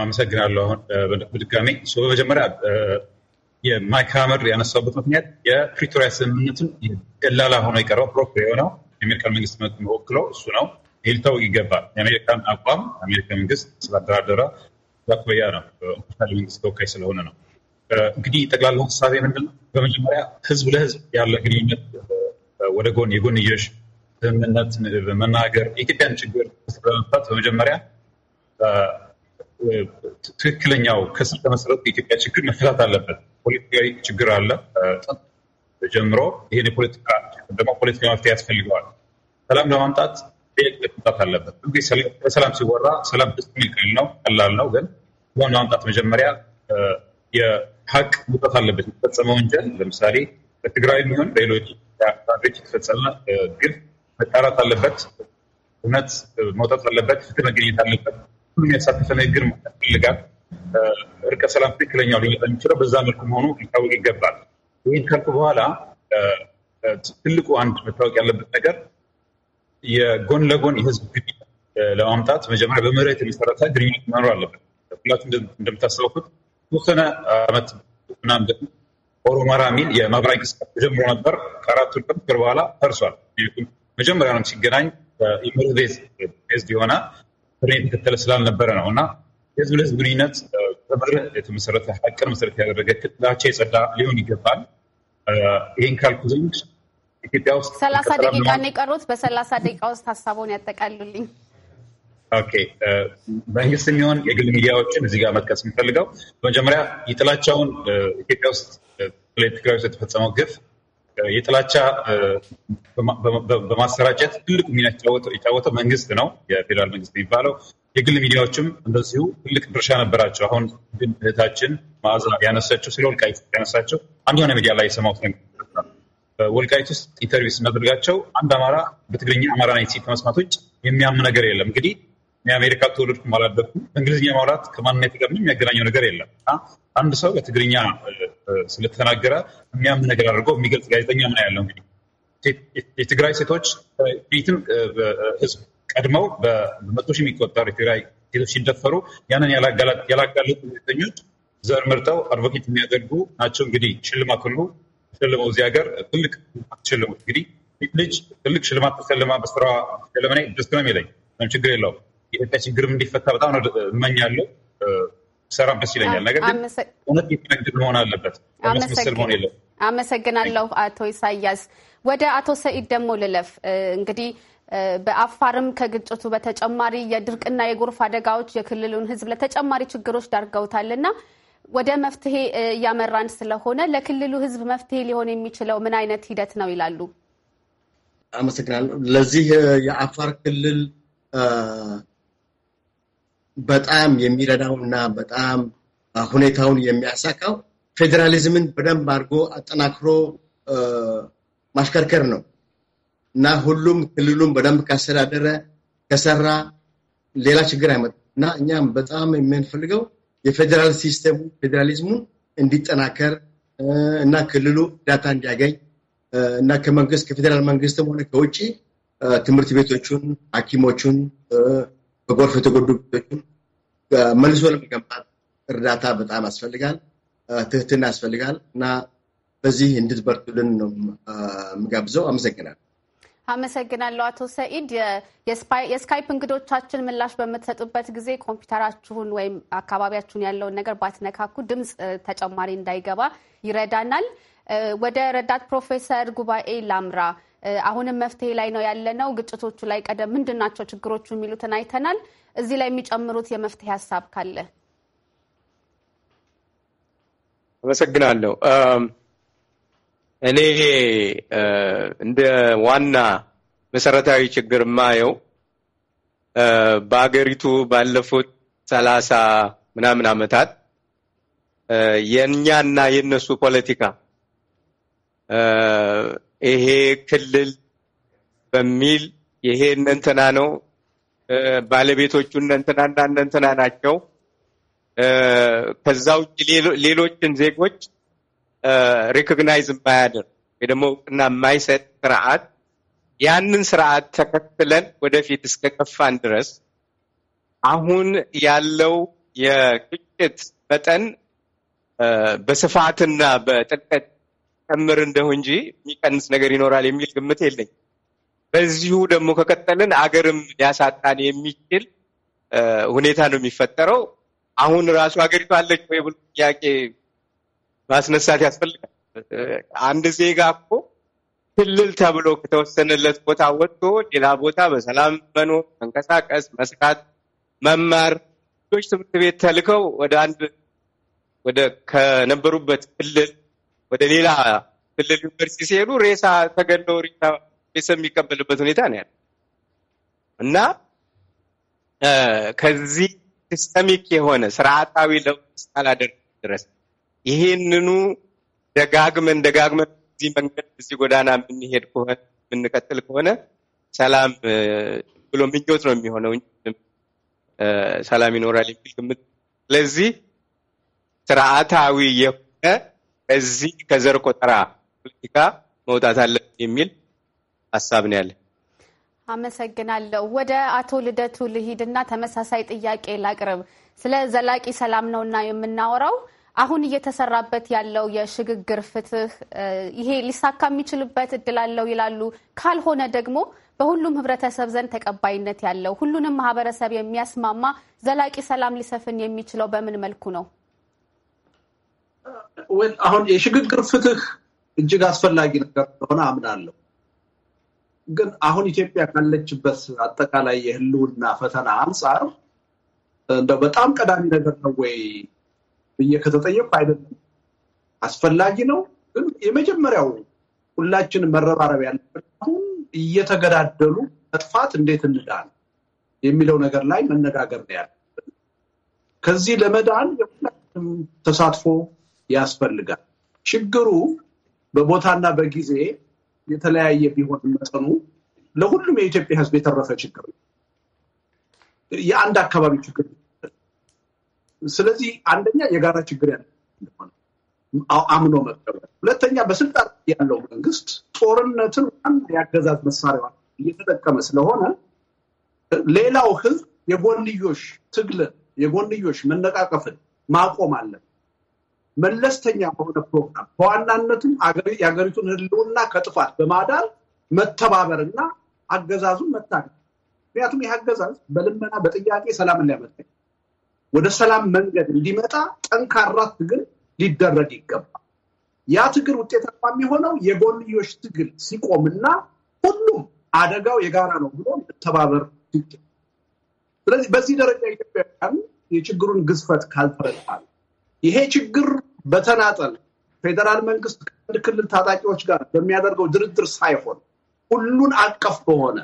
አመሰግናለሁ። አሁን በድጋሚ በመጀመሪያ የማይክ ሀመር ያነሳበት ምክንያት የፕሪቶሪያ ስምምነቱን ደላላ ሆኖ የቀረው ፕሮፕ የሆነው የአሜሪካን መንግስት ወክለው እሱ ነው ሊታወቅ ይገባል። የአሜሪካን አቋም የአሜሪካ መንግስት ስላደራደረ ዛኩበያ ነው ኦፊሻል መንግስት ተወካይ ስለሆነ ነው። እንግዲህ ጠቅላላ ሀሳቤ ምንድን ነው? በመጀመሪያ ህዝብ ለህዝብ ያለ ግንኙነት ወደ ጎን የጎንዮሽ ስምምነት መናገር የኢትዮጵያን ችግር ለመፍታት በመጀመሪያ ትክክለኛው ከስር ከመሰረት የኢትዮጵያ ችግር መፈታት አለበት። ፖለቲካዊ ችግር አለ። ጀምሮ ይህን የፖለቲካ ደግሞ ፖለቲካ መፍትሄ ያስፈልገዋል። ሰላም ለማምጣት መምጣት አለበት። ሰላም ሲወራ ሰላም ደስ የሚል ቀል ነው፣ ቀላል ነው። ግን ሆን ለማምጣት መጀመሪያ የሀቅ መውጣት አለበት። የተፈጸመ ወንጀል ለምሳሌ በትግራይ የሚሆን በሌሎች አካባቢዎች የተፈጸመ ግፍ መጣራት አለበት። እውነት መውጣት አለበት። ፍትህ መገኘት አለበት። ሁሉም ያሳተፈ ንግግር ፈልጋል። እርቀ ሰላም ትክክለኛው ሊመጣ የሚችለው በዛ መልኩ መሆኑ ሊታወቅ ይገባል። ይህን ካልኩ በኋላ ትልቁ አንድ መታወቅ ያለበት ነገር የጎን ለጎን የህዝብ ግንኙነት ለማምጣት መጀመሪያ በመሬት የመሰረተ ግንኙነት መኖር አለበት። ሁላችሁም እንደምታስታውሱት ተወሰነ ዓመት ምናምን በፊት ኦሮማራ ሚል የማህበራዊ እንቅስቃሴ ተጀምሮ ነበር። ከአራት ወር ከምክር በኋላ ፈርሷል። መጀመሪያ ነው ሲገናኝ ኢምር ቤዝ የሆነ ፍሬ የተከተለ ስላልነበረ ነው እና የህዝብ ለህዝብ ግንኙነት በምህረት የተመሰረተ ሀቅን መሰረት ያደረገ ጥላቻ የጸዳ ሊሆን ይገባል። ይህን ካልኩ ዘንድ ኢትዮጵያ ውስጥ ሰላሳ ደቂቃ ነው የቀሩት። በሰላሳ ደቂቃ ውስጥ ሀሳቡን ያጠቃሉልኝ። ኦኬ መንግስት የሚሆን የግል ሚዲያዎችን እዚህ ጋር መጥቀስ የምፈልገው በመጀመሪያ የጥላቻውን ኢትዮጵያ ውስጥ ትግራይ ውስጥ የተፈጸመው ግፍ የጥላቻ በማሰራጨት ትልቁ ሚና የጫወተው መንግስት ነው፣ የፌዴራል መንግስት የሚባለው የግል ሚዲያዎችም እንደዚሁ ትልቅ ድርሻ ነበራቸው። አሁን ግን እህታችን መዓዛ ያነሳቸው ስለ ወልቃይት ያነሳቸው አንድ የሆነ ሚዲያ ላይ የሰማሁት ወልቃይት ውስጥ ኢንተርቪው ስናደርጋቸው አንድ አማራ በትግርኛ አማራ ናይት ሲል ከመስማት ውጭ የሚያምን ነገር የለም። እንግዲህ የአሜሪካ ተወለድኩ አላደኩም በእንግሊዝኛ ማውራት ከማንነት ጋር ምንም የሚያገናኘው ነገር የለም። አንድ ሰው በትግርኛ ስለተናገረ የሚያምን ነገር አድርጎ የሚገልጽ ጋዜጠኛ ምን ያለው እንግዲህ የትግራይ ሴቶች ትም ህዝብ ቀድመው በመቶ ሺህ የሚቆጠሩ የትግራይ ሴቶች ሲደፈሩ ያንን ያላጋለጡ ጋዜጠኞች ዘር መርጠው አድቮኬት የሚያደርጉ ናቸው። እንግዲህ ሽልማት ሁሉ ተሸልመው እዚህ ሀገር ትልቅ ተሸልሙ። እንግዲህ ሴት ልጅ ትልቅ ሽልማት ተሸልማ በስራ ለመና ደስ ነው የሚለኝ ምንም ችግር የለው። የኢትዮጵያ ችግርም እንዲፈታ በጣም ነው እመኛለሁ። ሰራም ደስ ይለኛል። ነገር ግን እውነት የተነግድ መሆን አለበት መስል መሆን የለው። አመሰግናለሁ አቶ ኢሳያስ። ወደ አቶ ሰኢድ ደግሞ ልለፍ እንግዲህ በአፋርም ከግጭቱ በተጨማሪ የድርቅና የጎርፍ አደጋዎች የክልሉን ህዝብ ለተጨማሪ ችግሮች ዳርገውታልና ወደ መፍትሄ እያመራን ስለሆነ ለክልሉ ህዝብ መፍትሄ ሊሆን የሚችለው ምን አይነት ሂደት ነው ይላሉ? አመሰግናለሁ። ለዚህ የአፋር ክልል በጣም የሚረዳው እና በጣም ሁኔታውን የሚያሳካው ፌዴራሊዝምን በደንብ አድርጎ አጠናክሮ ማሽከርከር ነው። እና ሁሉም ክልሉን በደንብ ካስተዳደረ ከሰራ ሌላ ችግር አይመጣም። እና እኛም በጣም የምንፈልገው የፌዴራል ሲስተሙ ፌዴራሊዝሙን እንዲጠናከር እና ክልሉ እርዳታ እንዲያገኝ እና ከመንግስት ከፌዴራል መንግስትም ሆነ ከውጭ ትምህርት ቤቶቹን፣ ሐኪሞቹን፣ በጎርፍ የተጎዱ ቤቶቹን መልሶ ለመገንባት እርዳታ በጣም ያስፈልጋል። ትህትና ያስፈልጋል እና በዚህ እንድትበርቱልን ነው የምጋብዘው። አመሰግናለሁ። አመሰግናለሁ አቶ ሰኢድ። የስካይፕ እንግዶቻችን ምላሽ በምትሰጡበት ጊዜ ኮምፒውተራችሁን ወይም አካባቢያችሁን ያለውን ነገር ባትነካኩ ድምፅ ተጨማሪ እንዳይገባ ይረዳናል። ወደ ረዳት ፕሮፌሰር ጉባኤ ላምራ። አሁንም መፍትሄ ላይ ነው ያለነው። ግጭቶቹ ላይ ቀደም ምንድን ናቸው ችግሮቹ የሚሉትን አይተናል። እዚህ ላይ የሚጨምሩት የመፍትሄ ሀሳብ ካለ አመሰግናለሁ። እኔ እንደ ዋና መሰረታዊ ችግር ማየው በሀገሪቱ ባለፉት ሰላሳ ምናምን ዓመታት የእኛና የነሱ ፖለቲካ ይሄ ክልል በሚል ይሄ እነንትና ነው ባለቤቶቹ እነንትናና እነንትና ናቸው። ከዛ ውጭ ሌሎችን ዜጎች ሪኮግናይዝ የማያደርግ ወይ ደግሞ እውቅና የማይሰጥ ስርዓት ያንን ስርዓት ተከትለን ወደፊት እስከ ከፋን ድረስ አሁን ያለው የግጭት መጠን በስፋትና በጥልቀት ጨምር እንደሆ እንጂ የሚቀንስ ነገር ይኖራል የሚል ግምት የለኝ። በዚሁ ደግሞ ከቀጠልን አገርም ሊያሳጣን የሚችል ሁኔታ ነው የሚፈጠረው። አሁን ራሱ ሀገሪቱ አለች ወይ ብሎ ጥያቄ ማስነሳት ያስፈልጋል። አንድ ዜጋ እኮ ክልል ተብሎ ከተወሰነለት ቦታ ወጥቶ ሌላ ቦታ በሰላም መኖር፣ መንቀሳቀስ፣ መስራት፣ መማር ልጆች ትምህርት ቤት ተልከው ወደ አንድ ወደ ከነበሩበት ክልል ወደ ሌላ ክልል ዩኒቨርሲቲ ሲሄዱ ሬሳ ተገለው ሬሳ ቤተሰብ የሚቀበልበት ሁኔታ ነው ያለ እና ከዚህ ሲስተሚክ የሆነ ስርዓታዊ ለውጥ እስካላደረግ ድረስ ይሄንኑ ደጋግመን ደጋግመን እዚህ መንገድ እዚህ ጎዳና የምንሄድ ከሆነ የምንቀጥል ከሆነ ሰላም ብሎ ምኞት ነው የሚሆነው ሰላም ይኖራል የሚል ግምት። ስለዚህ ስርዓታዊ የሆነ እዚህ ከዘር ቆጠራ ፖለቲካ መውጣት አለብን የሚል ሀሳብ ነው ያለ። አመሰግናለሁ። ወደ አቶ ልደቱ ልሂድና ተመሳሳይ ጥያቄ ላቅርብ። ስለ ዘላቂ ሰላም ነውና የምናወራው አሁን እየተሰራበት ያለው የሽግግር ፍትህ ይሄ ሊሳካ የሚችልበት እድል አለው ይላሉ። ካልሆነ ደግሞ በሁሉም ህብረተሰብ ዘንድ ተቀባይነት ያለው ሁሉንም ማህበረሰብ የሚያስማማ ዘላቂ ሰላም ሊሰፍን የሚችለው በምን መልኩ ነው? አሁን የሽግግር ፍትህ እጅግ አስፈላጊ ነገር እንደሆነ አምናለሁ። ግን አሁን ኢትዮጵያ ካለችበት አጠቃላይ የህልውና ፈተና አንጻር እንደው በጣም ቀዳሚ ነገር ነው ወይ ብዬ ከተጠየቅኩ አይደለም አስፈላጊ ነው። ግን የመጀመሪያው ሁላችን መረባረብ ያለበት አሁን እየተገዳደሉ መጥፋት እንዴት እንዳል የሚለው ነገር ላይ መነጋገር ነው ያለ። ከዚህ ለመዳን የሁላችንም ተሳትፎ ያስፈልጋል። ችግሩ በቦታና በጊዜ የተለያየ ቢሆን መጠኑ ለሁሉም የኢትዮጵያ ሕዝብ የተረፈ ችግር ነው። የአንድ አካባቢ ችግር ነው ስለዚህ አንደኛ የጋራ ችግር ያለ አምኖ መቀበል፣ ሁለተኛ በስልጣን ያለው መንግስት ጦርነትን ዋና የአገዛዝ መሳሪያ እየተጠቀመ ስለሆነ ሌላው ህዝብ የጎንዮሽ ትግልን የጎንዮሽ መነቃቀፍን ማቆም አለን። መለስተኛ በሆነ ፕሮግራም በዋናነትም የሀገሪቱን ህልውና ከጥፋት በማዳን መተባበርና አገዛዙን መታገል። ምክንያቱም ይህ አገዛዝ በልመና በጥያቄ ሰላምን ሊያመጣ ወደ ሰላም መንገድ እንዲመጣ ጠንካራ ትግል ሊደረግ ይገባል። ያ ትግል ውጤታማ የሚሆነው የጎንዮሽ ትግል ሲቆምና ሁሉም አደጋው የጋራ ነው ብሎ መተባበር ይገባል። ስለዚህ በዚህ ደረጃ ኢትዮጵያውያን የችግሩን ግዝፈት ካልተረዳል ይሄ ችግር በተናጠል ፌዴራል መንግስት ከአንድ ክልል ታጣቂዎች ጋር በሚያደርገው ድርድር ሳይሆን ሁሉን አቀፍ በሆነ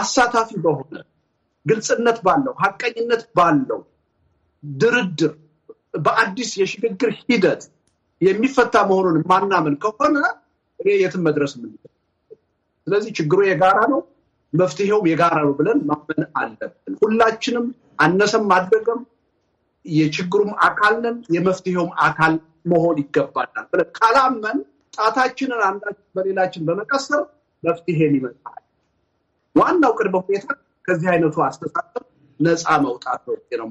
አሳታፊ በሆነ ግልጽነት ባለው ሀቀኝነት ባለው ድርድር በአዲስ የሽግግር ሂደት የሚፈታ መሆኑን ማናምን ከሆነ እኔ የትም መድረስ ምን ስለዚህ ችግሩ የጋራ ነው፣ መፍትሄውም የጋራ ነው ብለን ማመን አለብን። ሁላችንም አነሰም አደገም የችግሩም አካል ነን፣ የመፍትሄውም አካል መሆን ይገባናል ብለን ካላመን ጣታችንን አንዳችን በሌላችን በመቀሰር መፍትሄን ይመጣል ዋናው ቅድመ ሁኔታ ከዚህ አይነቱ አስተሳሰብ ነፃ መውጣት ነው።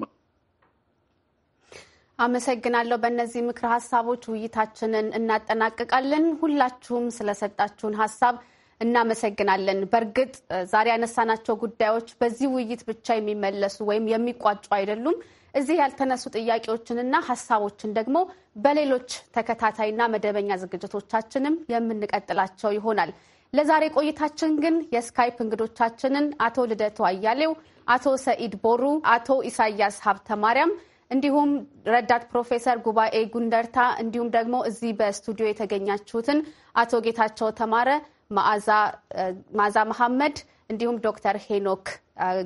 አመሰግናለሁ። በእነዚህ ምክረ ሀሳቦች ውይይታችንን እናጠናቅቃለን። ሁላችሁም ስለሰጣችሁን ሀሳብ እናመሰግናለን። በእርግጥ ዛሬ ያነሳናቸው ጉዳዮች በዚህ ውይይት ብቻ የሚመለሱ ወይም የሚቋጩ አይደሉም። እዚህ ያልተነሱ ጥያቄዎችንና ሀሳቦችን ደግሞ በሌሎች ተከታታይና መደበኛ ዝግጅቶቻችንም የምንቀጥላቸው ይሆናል። ለዛሬ ቆይታችን ግን የስካይፕ እንግዶቻችንን አቶ ልደቱ አያሌው፣ አቶ ሰኢድ ቦሩ፣ አቶ ኢሳያስ ሀብተ ማርያም እንዲሁም ረዳት ፕሮፌሰር ጉባኤ ጉንደርታ እንዲሁም ደግሞ እዚህ በስቱዲዮ የተገኛችሁትን አቶ ጌታቸው ተማረ፣ ማዛ መሐመድ እንዲሁም ዶክተር ሄኖክ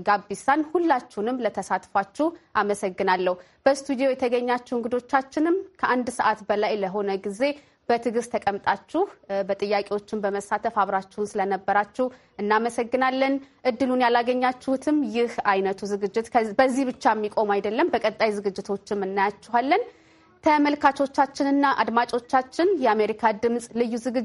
ጋቢሳን ሁላችሁንም ለተሳትፏችሁ አመሰግናለሁ። በስቱዲዮ የተገኛችሁ እንግዶቻችንም ከአንድ ሰዓት በላይ ለሆነ ጊዜ በትዕግስት ተቀምጣችሁ በጥያቄዎችን በመሳተፍ አብራችሁን ስለነበራችሁ እናመሰግናለን። እድሉን ያላገኛችሁትም ይህ አይነቱ ዝግጅት በዚህ ብቻ የሚቆም አይደለም። በቀጣይ ዝግጅቶችም እናያችኋለን። ተመልካቾቻችንና አድማጮቻችን የአሜሪካ ድምፅ ልዩ ዝግጅት